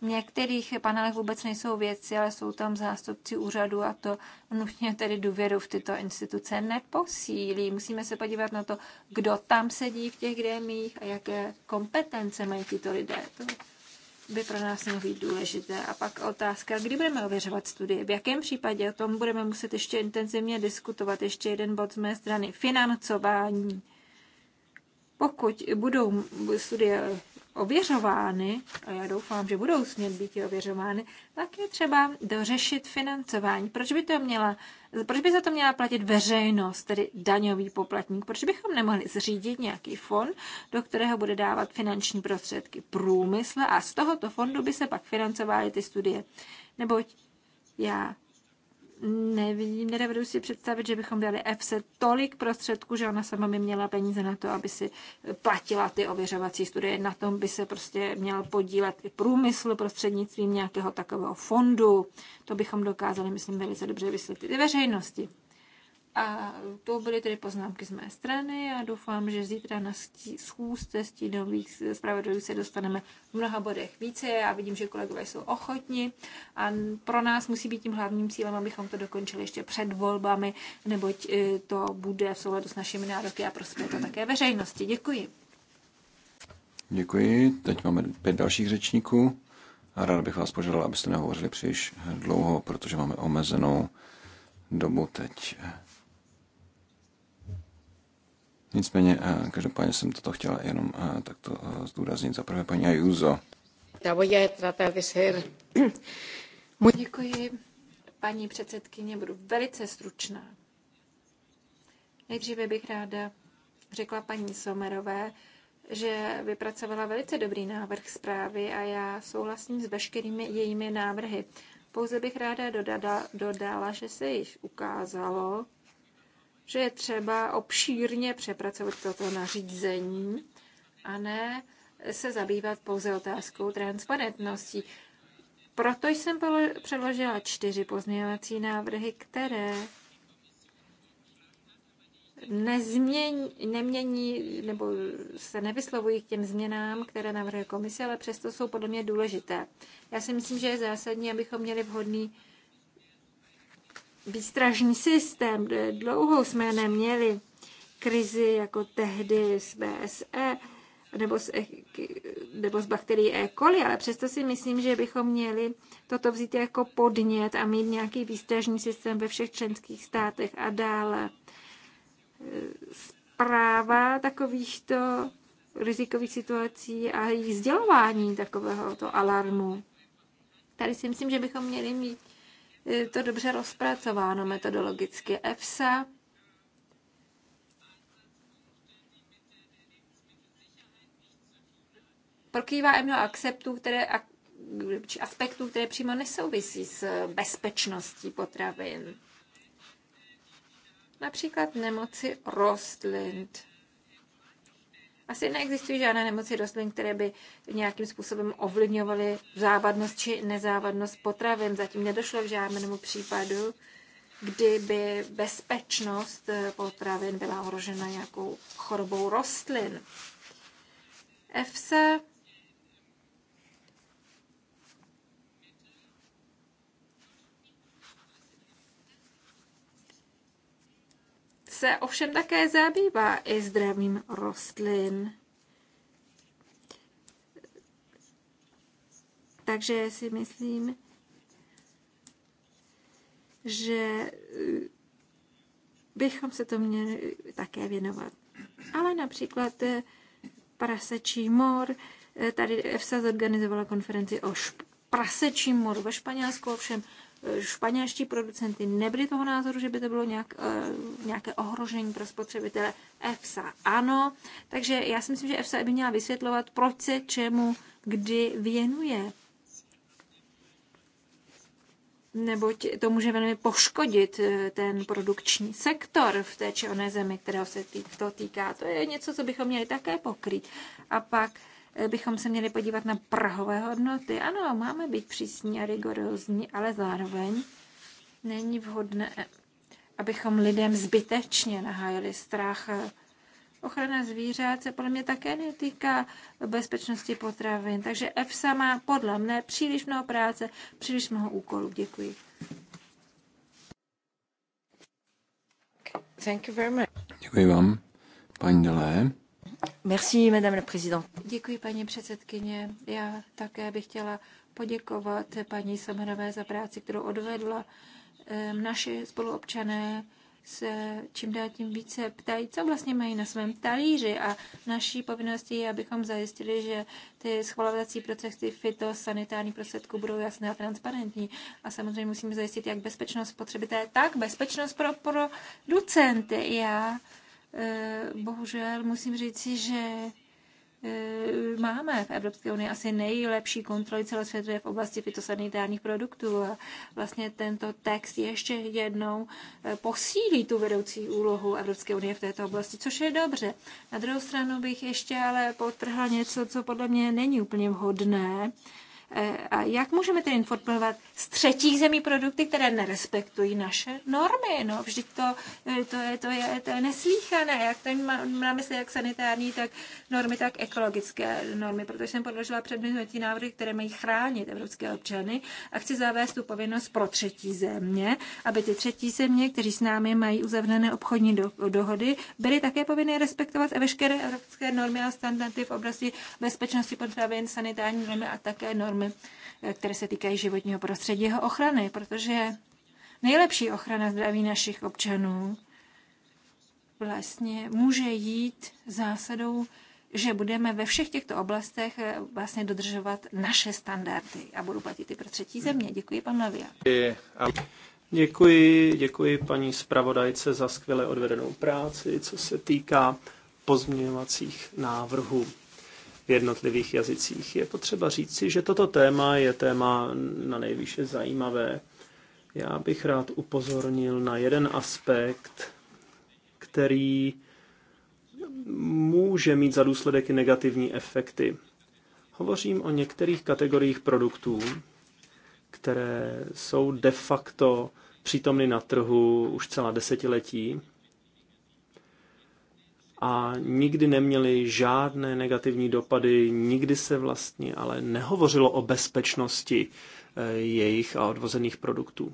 [SPEAKER 1] v některých panelech vůbec nejsou věci, ale jsou tam zástupci úřadu a to nutně tedy důvěru v tyto instituce neposílí. Musíme se podívat na to, kdo tam sedí v těch grémích a jaké kompetence mají tyto lidé. To by pro nás mělo být důležité. A pak otázka, kdy budeme ověřovat studie, v jakém případě, o tom budeme muset ještě intenzivně diskutovat. Ještě jeden bod z mé strany, financování. Pokud budou studie ověřovány, a já doufám, že budou smět být i ověřovány, tak je třeba dořešit financování. Proč by, to měla, proč by za to měla platit veřejnost, tedy daňový poplatník? Proč bychom nemohli zřídit nějaký fond, do kterého bude dávat finanční prostředky průmysl a z tohoto fondu by se pak financovaly ty studie? Neboť já nevím, nedovedu si představit, že bychom dali EFSE tolik prostředků, že ona sama by měla peníze na to, aby si platila ty ověřovací studie. Na tom by se prostě měl podílet i průmysl prostřednictvím nějakého takového fondu. To bychom dokázali, myslím, velice dobře vysvětlit i veřejnosti. A to byly tedy poznámky z mé strany a doufám, že zítra na schůzce stínových zpravodajů se dostaneme v mnoha bodech více. Já vidím, že kolegové jsou ochotni a pro nás musí být tím hlavním cílem, abychom to dokončili ještě před volbami, neboť e, to bude v souladu s našimi nároky a prospěje to také veřejnosti. Děkuji.
[SPEAKER 2] Děkuji. Teď máme pět dalších řečníků a rád bych vás požádal, abyste nehovořili příliš dlouho, protože máme omezenou dobu teď. Nicméně, eh, každopádně jsem toto chtěla jenom eh, takto eh, zdůraznit. Za prvé paní Ayuso.
[SPEAKER 1] Děkuji, paní předsedkyně, budu velice stručná. Nejdříve bych ráda řekla paní Somerové, že vypracovala velice dobrý návrh zprávy a já souhlasím s veškerými jejími návrhy. Pouze bych ráda dodala, dodala že se již ukázalo, že je třeba obšírně přepracovat toto nařízení a ne se zabývat pouze otázkou transparentnosti. Proto jsem předložila čtyři pozměňovací návrhy, které nezmění, nemění nebo se nevyslovují k těm změnám, které navrhuje komise, ale přesto jsou podle mě důležité. Já si myslím, že je zásadní, abychom měli vhodný výstražní systém. Dlouho jsme neměli krizi jako tehdy s BSE nebo s, e nebo s bakterií E. coli, ale přesto si myslím, že bychom měli toto vzít jako podnět a mít nějaký výstražní systém ve všech členských státech a dále. Zpráva takovýchto rizikových situací a jejich sdělování takového to alarmu. Tady si myslím, že bychom měli mít to dobře rozpracováno metodologicky. EFSA prokývá mnoho akceptů, které, aspektů, které přímo nesouvisí s bezpečností potravin. Například nemoci rostlin. Asi neexistují žádné nemoci rostlin, které by nějakým způsobem ovlivňovaly závadnost či nezávadnost potravin. Zatím nedošlo k žádnému případu, kdyby bezpečnost eh, potravin byla ohrožena nějakou chorobou rostlin. EFSA se ovšem také zabývá i zdravím rostlin. Takže si myslím, že eh, bychom se to měli také věnovat. Ale například eh, prasečí mor, eh, tady EFSA zorganizovala konferenci o prasečím moru ve Španělsku, ovšem Španělští producenty nebyli toho názoru, že by to bylo nějak, eh, nějaké ohrožení pro spotřebitele. EFSA ano. Takže já si myslím, že EFSA by měla vysvětlovat, proč se čemu kdy věnuje. Neboť to může velmi poškodit eh, ten produkční sektor v té či oné zemi, kterého se to týká. To je něco, co bychom měli také pokrýt. A pak Eh, bychom se měli podívat na prahové hodnoty. Ano, máme být přísní a rigorózní, ale zároveň není vhodné, abychom lidem zbytečně nahájili strach. Ochrana zvířat se podle mě také netýká bezpečnosti potravin, takže EFSA má podle mne příliš mnoho práce, příliš mnoho úkolů. Děkuji. Thank you very much.
[SPEAKER 2] Děkuji vám. Paní Dalé. Merci, madame la présidente.
[SPEAKER 1] Děkuji, paní předsedkyně. Já také bych chtěla poděkovat paní Semenové za práci, kterou odvedla. Ehm, naši spoluobčané se čím dál tím více ptají, co vlastně mají na svém talíři a naší povinností je, abychom zajistili, že ty schvalovací procesy fitosanitární prostředků budou jasné a transparentní a samozřejmě musíme zajistit jak bezpečnost spotřebitele, tak bezpečnost pro producenty. Já Eh, bohužel musím říci, že eh, máme v Evropské unii asi nejlepší kontroly celosvětově v oblasti fitosanitárních produktů. A vlastně tento text ještě jednou eh, posílí tu vedoucí úlohu Evropské unie v této oblasti, což je dobře. Na druhou stranu bych ještě ale potrhla něco, co podle mě není úplně vhodné Eh, a jak můžeme tedy informovat z třetích zemí produkty, které nerespektují naše normy? No, vždyť to, eh, to, je, to, je, to je neslíchané. Jak ten má, mysli jak sanitární, tak normy, tak ekologické normy, protože jsem podložila předmětní návrhy, které mají chránit evropské občany a chci zavést tu povinnost pro třetí země, aby ty třetí země, kteří s námi mají uzavřené obchodní do, dohody, byly také povinny respektovat veškeré evropské normy a standardy v oblasti bezpečnosti potravin, sanitární normy a také normy normy, eh, které se týkají životního prostředí, jeho ochrany, protože nejlepší ochrana zdraví našich občanů vlastně může jít zásadou, že budeme ve všech těchto oblastech eh, vlastně dodržovat naše standardy a budou platit i pro třetí země. Děkuji, pan Lavia.
[SPEAKER 3] Děkuji, děkuji paní zpravodajce za skvěle odvedenou práci, co se týká pozměňovacích návrhů v jednotlivých jazycích. Je potřeba si, že toto téma je téma na nejvýše zajímavé. Já bych rád upozornil na jeden aspekt, který může mít za důsledek i negativní efekty. Hovořím o některých kategoriích produktů, které jsou de facto přítomny na trhu už celá desetiletí a nikdy neměly žádné negativní dopady, nikdy se vlastně ale nehovořilo o bezpečnosti eh, jejich a odvozených produktů.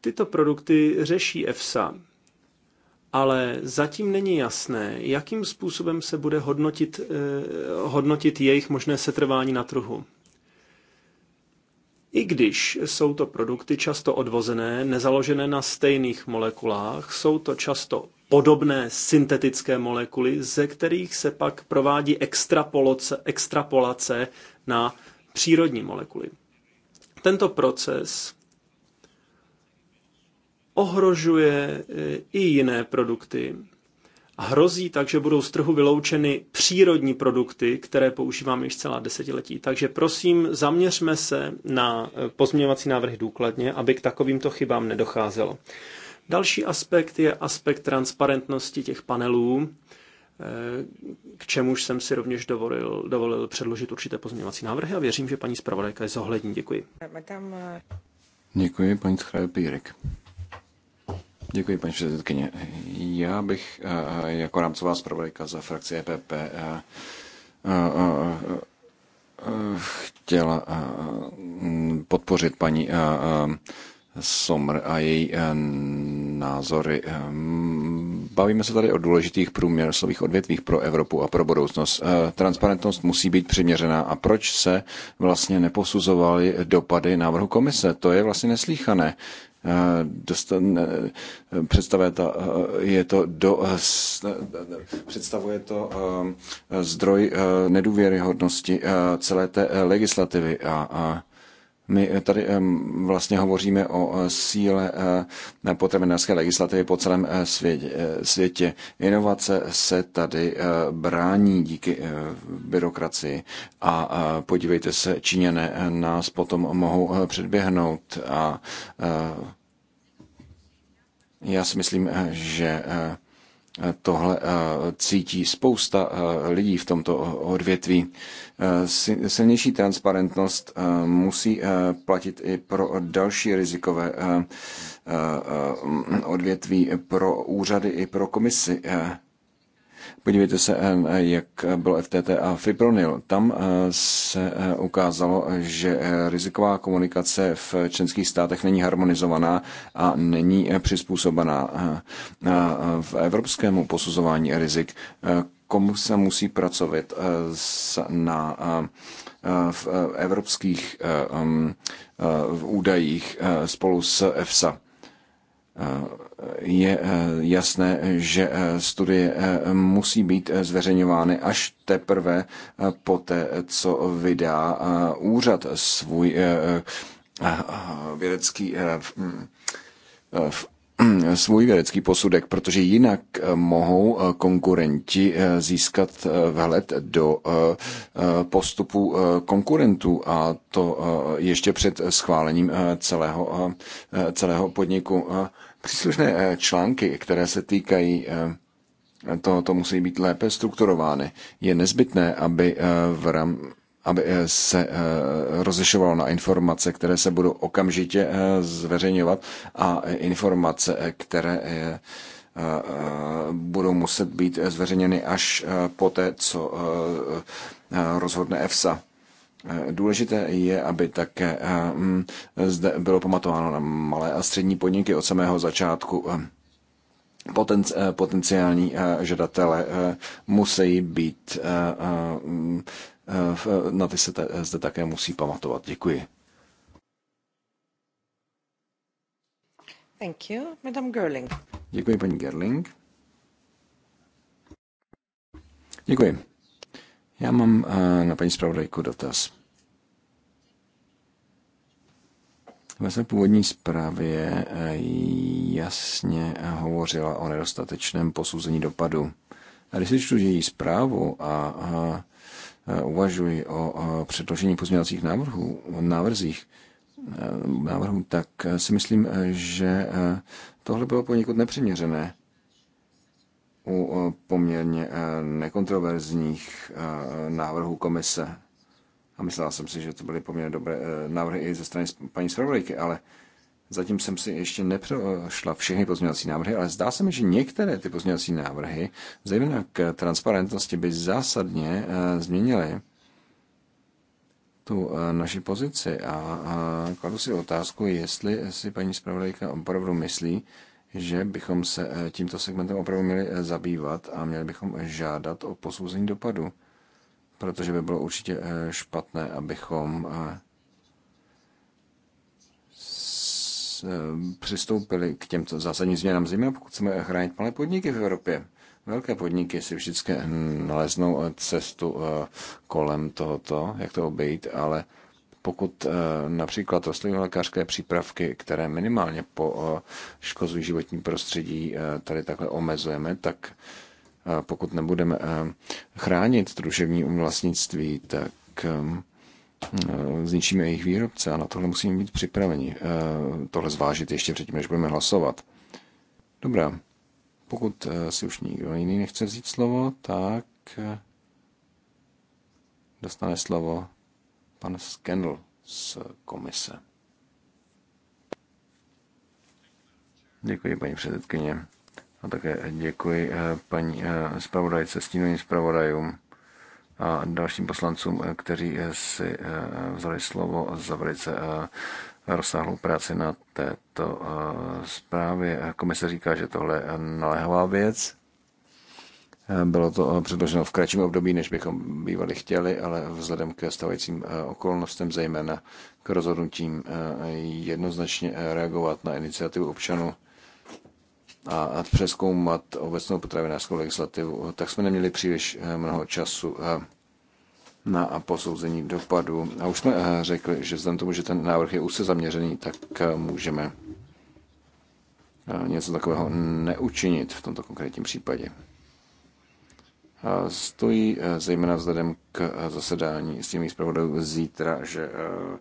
[SPEAKER 3] Tyto produkty řeší EFSA, ale zatím není jasné, jakým způsobem se bude hodnotit, eh, hodnotit jejich možné setrvání na trhu. I když jsou to produkty často odvozené, nezaložené na stejných molekulách, jsou to často podobné syntetické molekuly, ze kterých se pak provádí extrapolace, extrapolace na přírodní molekuly. Tento proces ohrožuje eh, i jiné produkty, Hrozí tak, že budou z trhu vyloučeny přírodní produkty, které používáme již celá desetiletí. Takže prosím, zaměřme se na eh, pozměňovací návrhy důkladně, aby k takovýmto chybám nedocházelo. Další aspekt je aspekt transparentnosti těch panelů, eh, k čemuž jsem si rovněž dovolil, dovolil předložit určité pozměňovací návrhy a věřím, že paní zpravodajka je zohlední. Děkuji.
[SPEAKER 1] Eh,
[SPEAKER 2] Děkuji, paní schreier Děkuji, paní předsedkyně. Já bych eh, eh, jako rámcová zpravodajka za frakci EPP eh, chtěla podpořit paní Somr a její názory. Bavíme se tady o důležitých průměrslových odvětvích pro Evropu a pro budoucnost. Transparentnost musí být přiměřená. A proč se vlastně neposuzovaly dopady návrhu komise? To je vlastně neslíchané dostane, eh, představuje to, eh, je to do, eh, představuje to zdroj nedůvěryhodnosti celé té legislativy a, a my eh, tady vlastně hovoříme o eh, síle eh, potravinářské legislativy po celém světě. Inovace se tady brání díky byrokracii a podívejte se, Číňané nás potom mohou předběhnout a já si myslím, že Tohle eh, cítí spousta eh, lidí v tomto eh, odvětví. Silnější transparentnost musí platit i pro další rizikové odvětví, pro úřady i pro komisi. Podívejte se, eh, jak bylo FTT a Fipronil. Tam eh, se eh, ukázalo, že riziková komunikace v členských státech není harmonizovaná a není přizpůsobená v evropskému posuzování rizik. Komu se musí pracovat na v evropských údajích spolu s EFSA je eh, jasné, že eh, studie eh, musí být zveřejňovány až teprve poté, co vydá úřad svůj vědecký hm, hm, svůj vědecký posudek, protože jinak mohou konkurenti získat vhled do postupu konkurentů a to ještě před schválením celého, celého podniku. Příslušné eh, články, které se týkají eh, to, to musí být lépe strukturovány. Je nezbytné, aby, eh, v ram, aby se rozlišovalo na informace, které se budou okamžitě zveřejňovat a informace, které budou muset být zveřejněny až po té, co rozhodne EFSA. Eh, důležité je, aby také eh, mm, zde bylo pamatováno na malé a střední podniky od samého začátku. Eh, potenciální žadatele musí být, mm, na ty se zde také musí pamatovat. Děkuji.
[SPEAKER 1] Thank you, Madame Gerling.
[SPEAKER 2] Děkuji, paní Gerling. Děkuji. Já mám eh, na paní zpravodajku dotaz. Ve své původní zprávě eh, jasně hovořila o nedostatečném posouzení dopadu. A když si čtu její zprávu a eh, uvažuji o předložení pozměňovacích návrhů, návrzích, návrhů, tak si myslím, že tohle bylo poněkud nepřiměřené u poměrně eh, nekontroverzních eh, návrhů komise. A myslel jsem si, že to byly poměrně dobré eh, návrhy i ze strany paní zpravodajky, ale zatím jsem si ještě neprošla všechny pozměňovací návrhy, ale zdá se mi, že některé ty pozměňovací návrhy, zejména k transparentnosti, by zásadně změnily tu naši pozici a kladu si otázku, jestli si paní zpravodajka opravdu myslí, že bychom se eh, tímto segmentem opravdu měli eh, zabývat a měli bychom žádat o posouzení dopadu, protože by bylo určitě eh, špatné, abychom přistoupili k těmto zásadním změnám, zimě, pokud chceme chránit malé podniky v Evropě. Velké podniky si vždycky naleznou cestu kolem tohoto, jak to obejít, ale pokud eh, například rostlinolékařské přípravky, které minimálně po poškozují eh, životní prostředí, eh, tady takhle omezujeme, tak pokud nebudeme chránit druževní umlastnictví, tak zničíme jejich výrobce a na tohle musíme být připraveni. Tohle zvážit ještě předtím, než budeme hlasovat. Dobrá, pokud si už nikdo jiný nechce vzít slovo, tak dostane slovo pan Skenl z komise. Děkuji, paní předsedkyně. A také děkuji eh, paní eh, zpravodajce, stínovým zpravodajům a dalším poslancům, eh, kteří si vzali slovo za velice rozsáhlou práci na této zprávě. Komise říká, že tohle je naléhavá věc bylo to eh, předloženo v kratším období, než bychom bývali chtěli, ale vzhledem k stavajícím eh, okolnostem, zejména k rozhodnutím eh, jednoznačně reagovat na iniciativu občanů a přeskoumat obecnou potravinářskou legislativu, tak jsme neměli příliš mnoho času na posouzení dopadu. A už jsme řekli, že vzhledem tomu, že ten návrh je úzce zaměřený, tak můžeme něco takového neučinit v tomto konkrétním případě stojí e, zejména vzhledem k e, zasedání s těmi zpravodajů zítra, že e,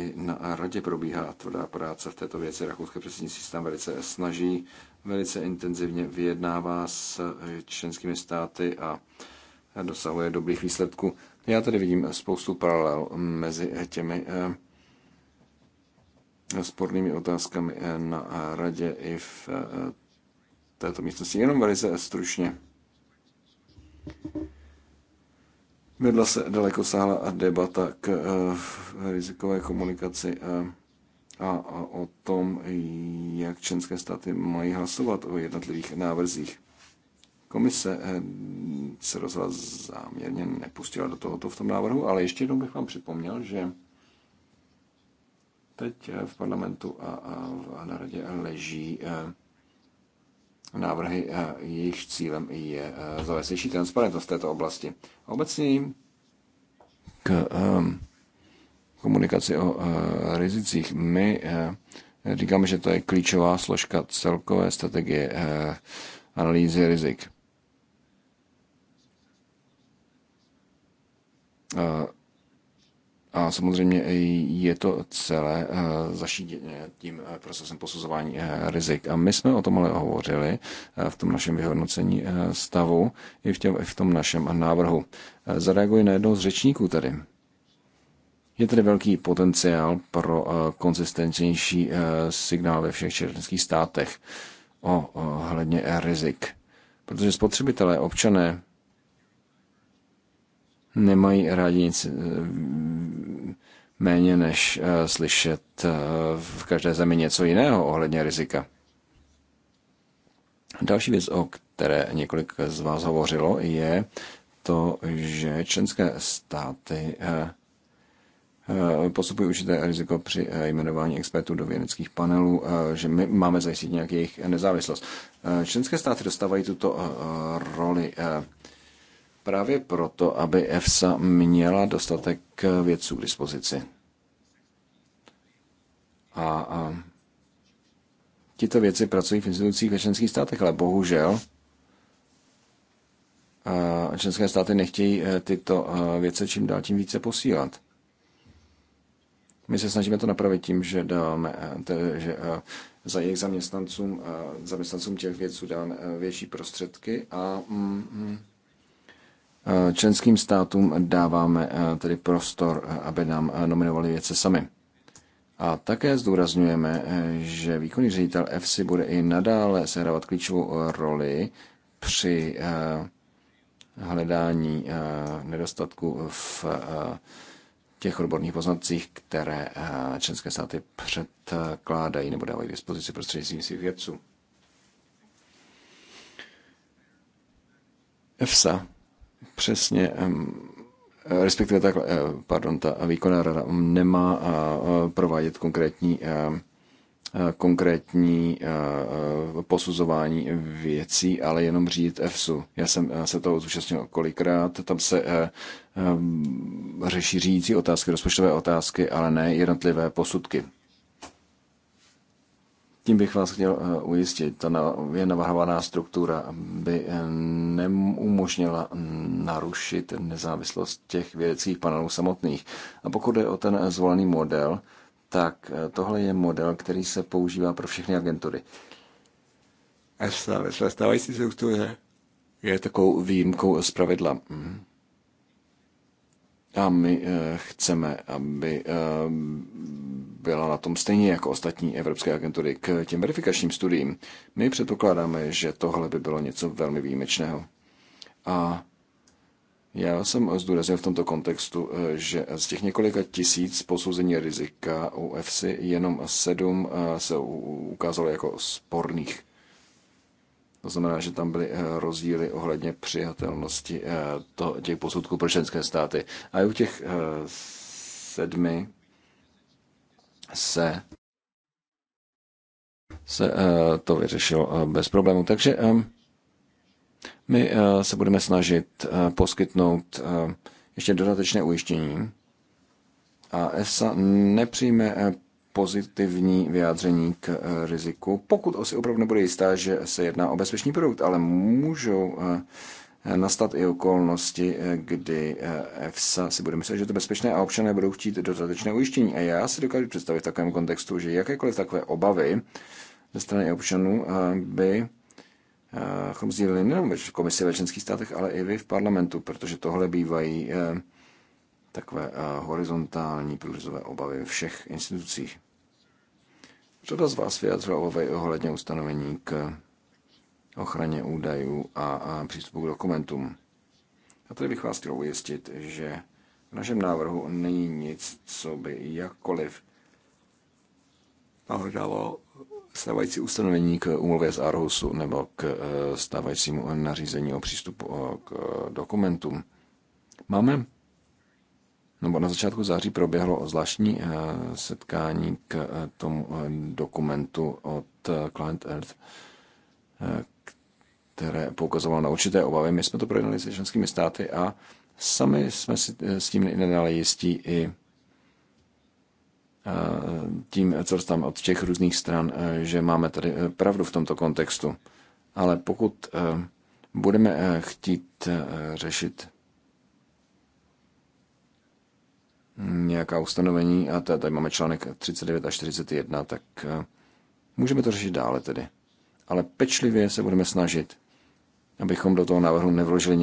[SPEAKER 2] i na radě probíhá tvrdá práce v této věci. Rakouské předsednictví se tam velice snaží, velice intenzivně vyjednává s členskými státy a dosahuje dobrých výsledků. Já tady vidím spoustu paralel mezi těmi spornými otázkami na radě i v této místnosti. Jenom velice stručně. Vedla se daleko sáhla debata k eh, rizikové komunikaci eh, a o tom, jak členské státy mají hlasovat o jednotlivých návrzích. Komise eh, se rozhodla záměrně nepustila do tohoto v tom návrhu, ale ještě jednou bych vám připomněl, že teď v parlamentu a, a na radě leží návrhy, eh, jejich cílem je eh, zavést větší transparentnost této oblasti. Obecně k ehm, komunikaci o eh, rizicích my říkáme, že to je klíčová složka celkové strategie analýzy rizik. A samozřejmě je to celé eh, zašítěné tím eh, procesem posuzování eh, rizik. A my jsme o tom ale hovořili v tom našem vyhodnocení stavu i v, těm, v tom našem návrhu. Zareaguji na jednou z řečníků tady. Je tedy velký potenciál pro konzistentnější signál ve všech členských státech ohledně rizik. Protože spotřebitelé, občané, nemají rádi nic eh, méně než eh, slyšet eh, v každé zemi něco jiného ohledně rizika. Další věc, o které několik z vás hovořilo, je to, že členské státy postupují určité riziko při jmenování expertů do vědeckých panelů, že my máme zajistit nějak jejich nezávislost. Členské státy dostávají tuto roli Právě proto, aby EFSA měla dostatek věců k dispozici. A, a tyto věci pracují v institucích ve členských státech, ale bohužel a členské státy nechtějí e, tyto e, věce čím dál tím více posílat. My se snažíme to napravit tím, že dáme, e, že za jejich zaměstnancům, zaměstnancům těch věců dáme větší prostředky a mm, mm Členským státům dáváme eh, tedy prostor, eh, aby nám eh, nominovali věce sami. A také zdůrazňujeme, že výkonný ředitel FC bude i nadále sehrávat klíčovou roli při hledání nedostatku v těch odborných poznatcích, které členské státy předkládají nebo dávají k dispozici prostřednictvím svých vědců. EFSA přesně respektive tak, eh, pardon, ta výkonná rada nemá eh, provádět konkrétní eh, konkrétní posuzování věcí, ale jenom řídit EFSU. Já jsem se toho zúčastnil kolikrát, tam se řeší řídící otázky, rozpočtové otázky, ale ne jednotlivé posudky. Tím bych vás chtěl eh, ujistit, ta je navrhovaná struktura by eh, neumožnila mm, narušit nezávislost těch vědeckých panelů samotných. A pokud je o ten eh, zvolený model, tak tohle je model, který se používá pro všechny agentury. Stávající struktura je takovou výjimkou z pravidla. Mhm. A my eh, chceme, aby eh, byla na tom stejně jako ostatní evropské agentury k těm verifikačním studiím. My předpokládáme, že tohle by bylo něco velmi výjimečného. A já jsem zdůraznil v tomto kontextu, eh, že z těch několika tisíc posouzení rizika u EFSI jenom sedm se ukázalo jako sporných. To znamená, že tam byly eh, rozdíly ohledně přijatelnosti eh, to, těch posudků pro členské státy. A i u těch eh, sedmi se se to vyřešilo bez problémů. Takže my se budeme snažit poskytnout ještě dodatečné ujištění a ESA nepřijme pozitivní vyjádření k eh, riziku, pokud si opravdu nebude jistá, že se jedná o bezpečný produkt, ale můžou eh, nastat i okolnosti, eh, kdy EFSA si bude myslet, že to bezpečné a občané budou chtít dodatečné ujištění. A já si dokážu představit v takovém kontextu, že jakékoliv takové obavy ze strany občanů by chom sdíleli nejenom v komisi ve členských státech, ale i vy v parlamentu, protože tohle bývají takové horizontální průřezové obavy všech institucích. Řada z vás vyjadřila obavy ohledně ustanovení k ochraně údajů a, a přístupu k dokumentům. A tady bych vás chtěl ujistit, že v našem návrhu není nic, co by jakkoliv nahodalo stávající ustanovení k úmluvě z Arhusu nebo k e, stávajícímu nařízení o přístupu e, k dokumentům. Máme nebo na začátku září proběhlo zvláštní eh, setkání k eh, tomu eh, dokumentu od Client Earth, které poukazovalo na určité obavy. My jsme to projednali se členskými státy a sami jsme si s tím nedali jistí i tím, co tam od těch různých stran, že máme tady pravdu v tomto kontextu. Ale pokud budeme chtít řešit nějaká ustanovení, a tady máme článek 39 a 41, tak eh, můžeme to řešit dále tedy. Ale pečlivě se budeme snažit, abychom do toho návrhu nevložili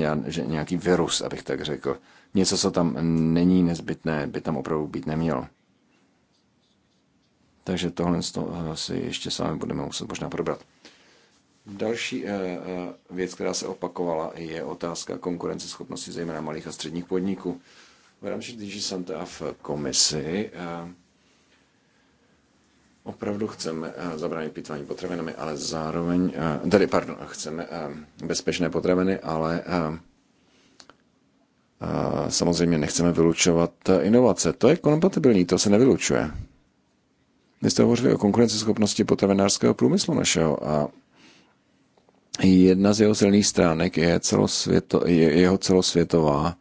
[SPEAKER 2] nějaký virus, abych tak řekl. Něco, co tam není nezbytné, by tam opravdu být nemělo. Takže tohle eh, si ještě s vámi budeme muset možná probrat. Další eh, věc, která se opakovala, je otázka konkurenceschopnosti zejména malých a středních podniků. V rámci DG Santa v komisi eh, opravdu chceme eh, zabránit pitvání potravinami, ale zároveň, eh, tedy pardon, chceme bezpečné potraviny, ale samozřejmě nechceme vylučovat inovace. To je kompatibilní, to se nevylučuje. Vy jste hovořili o konkurenceschopnosti potravinářského průmyslu našeho a jedna z jeho silných stránek je, celosvěto, je jeho celosvětová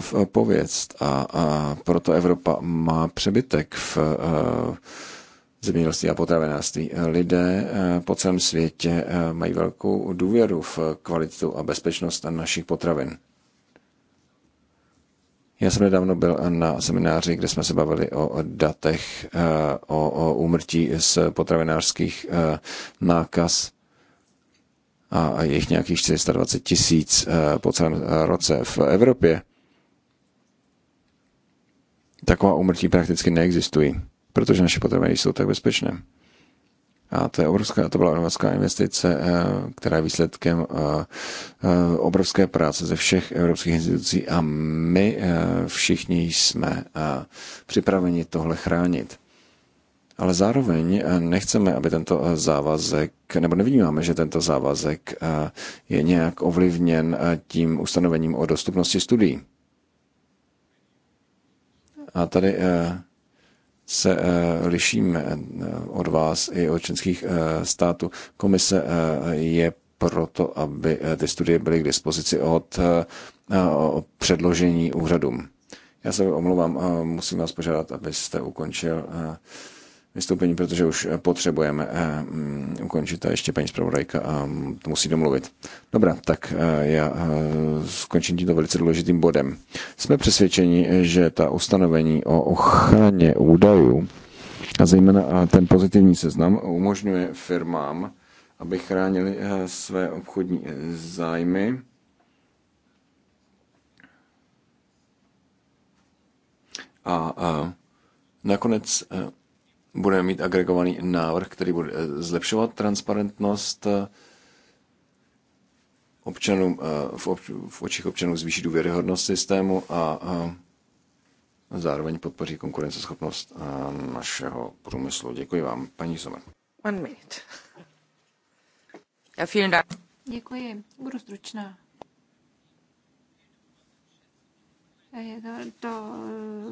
[SPEAKER 2] v eh, pověst a, a proto Evropa má přebytek v eh, zemědělství a potravinářství. Lidé eh, po celém světě mají velkou důvěru v kvalitu a bezpečnost našich potravin. Já jsem nedávno byl na semináři, kde jsme se bavili o datech, o, o úmrtí z potravinářských nákaz a jejich nějakých 420 tisíc po celém roce v Evropě taková umrtí prakticky neexistují, protože naše potraviny jsou tak bezpečné. A to je obrovská, to byla obrovská investice, eh, která je výsledkem eh, eh, obrovské práce ze všech evropských institucí a my všichni jsme připraveni tohle chránit. Ale zároveň nechceme, aby tento závazek, nebo nevnímáme, že tento závazek je nějak ovlivněn tím ustanovením o dostupnosti studií. A tady eh, se eh, lišíme eh, od vás i od členských států. Komise je proto, aby ty studie byly k dispozici od předložení úřadům. Já se omlouvám, musím vás požádat, abyste ukončil vystoupení, protože už eh, potřebujeme eh, mm, ukončit a ještě paní zpravodajka mm, to musí domluvit. Dobrá, tak eh, já skončím tímto velice důležitým bodem. Jsme přesvědčeni, že ta ustanovení o ochraně údajů a zejména ten pozitivní seznam umožňuje firmám, aby chránili své obchodní zájmy a, a nakonec Budeme mít agregovaný návrh, který bude eh, zlepšovat transparentnost eh, občanů eh, v, obč, v očích občanů zvýší důvěryhodnost systému a, a zároveň podpoří konkurenceschopnost našeho průmyslu. Děkuji vám, paní Sommer.
[SPEAKER 1] One minute. Ja, vielen Dank. Děkuji, budu stručná. To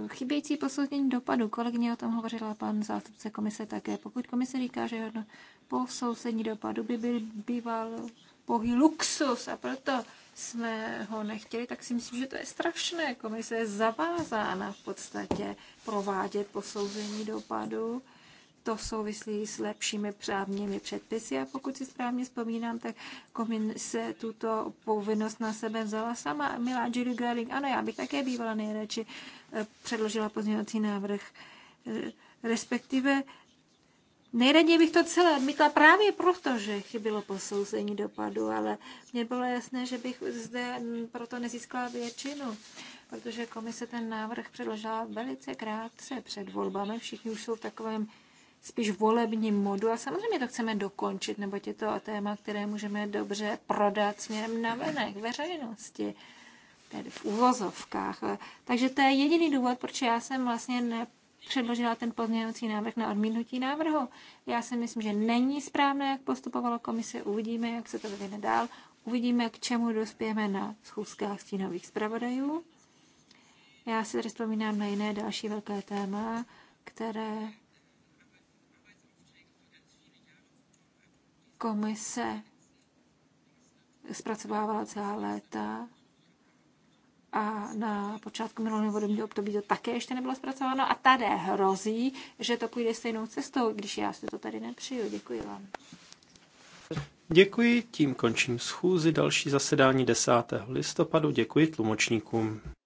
[SPEAKER 1] eh, chybějící posouzení dopadu, kolegyně o tom hovořila pan zástupce komise také. Pokud komise říká, že jedno posouzení dopadu by byl býval pouhý luxus a proto jsme ho nechtěli, tak si myslím, že to je strašné. Komise je zavázána v podstatě provádět posouzení dopadu to souvisí s lepšími právními předpisy a pokud si správně vzpomínám, tak komise tuto povinnost na sebe vzala sama. Milá Judy Gerling, ano, já bych také bývala nejradši eh, předložila pozměňovací návrh. Eh, respektive Nejraději bych to celé odmítla právě proto, že chybilo posouzení dopadu, ale mně bylo jasné, že bych zde proto nezískala většinu, protože komise ten návrh předložila velice krátce před volbami. Všichni už jsou v takovém spíš volebním modu a samozřejmě to chceme dokončit, neboť je to téma, které můžeme dobře prodat směrem na venek, veřejnosti, tedy v uvozovkách. Takže to je jediný důvod, proč já jsem vlastně ne předložila ten pozměňovací návrh na odmítnutí návrhu. Já si myslím, že není správné, jak postupovala komise. Uvidíme, jak se to vyvine dál. Uvidíme, k čemu dospějeme na schůzkách stínových zpravodajů. Já si tady vzpomínám na jiné další velké téma, které komise zpracovávala celá léta a na počátku minulého volebního období to také ještě nebylo zpracováno a tady hrozí, že to půjde stejnou cestou, když já si to tady nepřiju. Děkuji vám.
[SPEAKER 3] Děkuji, tím končím schůzi. Další zasedání 10. listopadu. Děkuji tlumočníkům.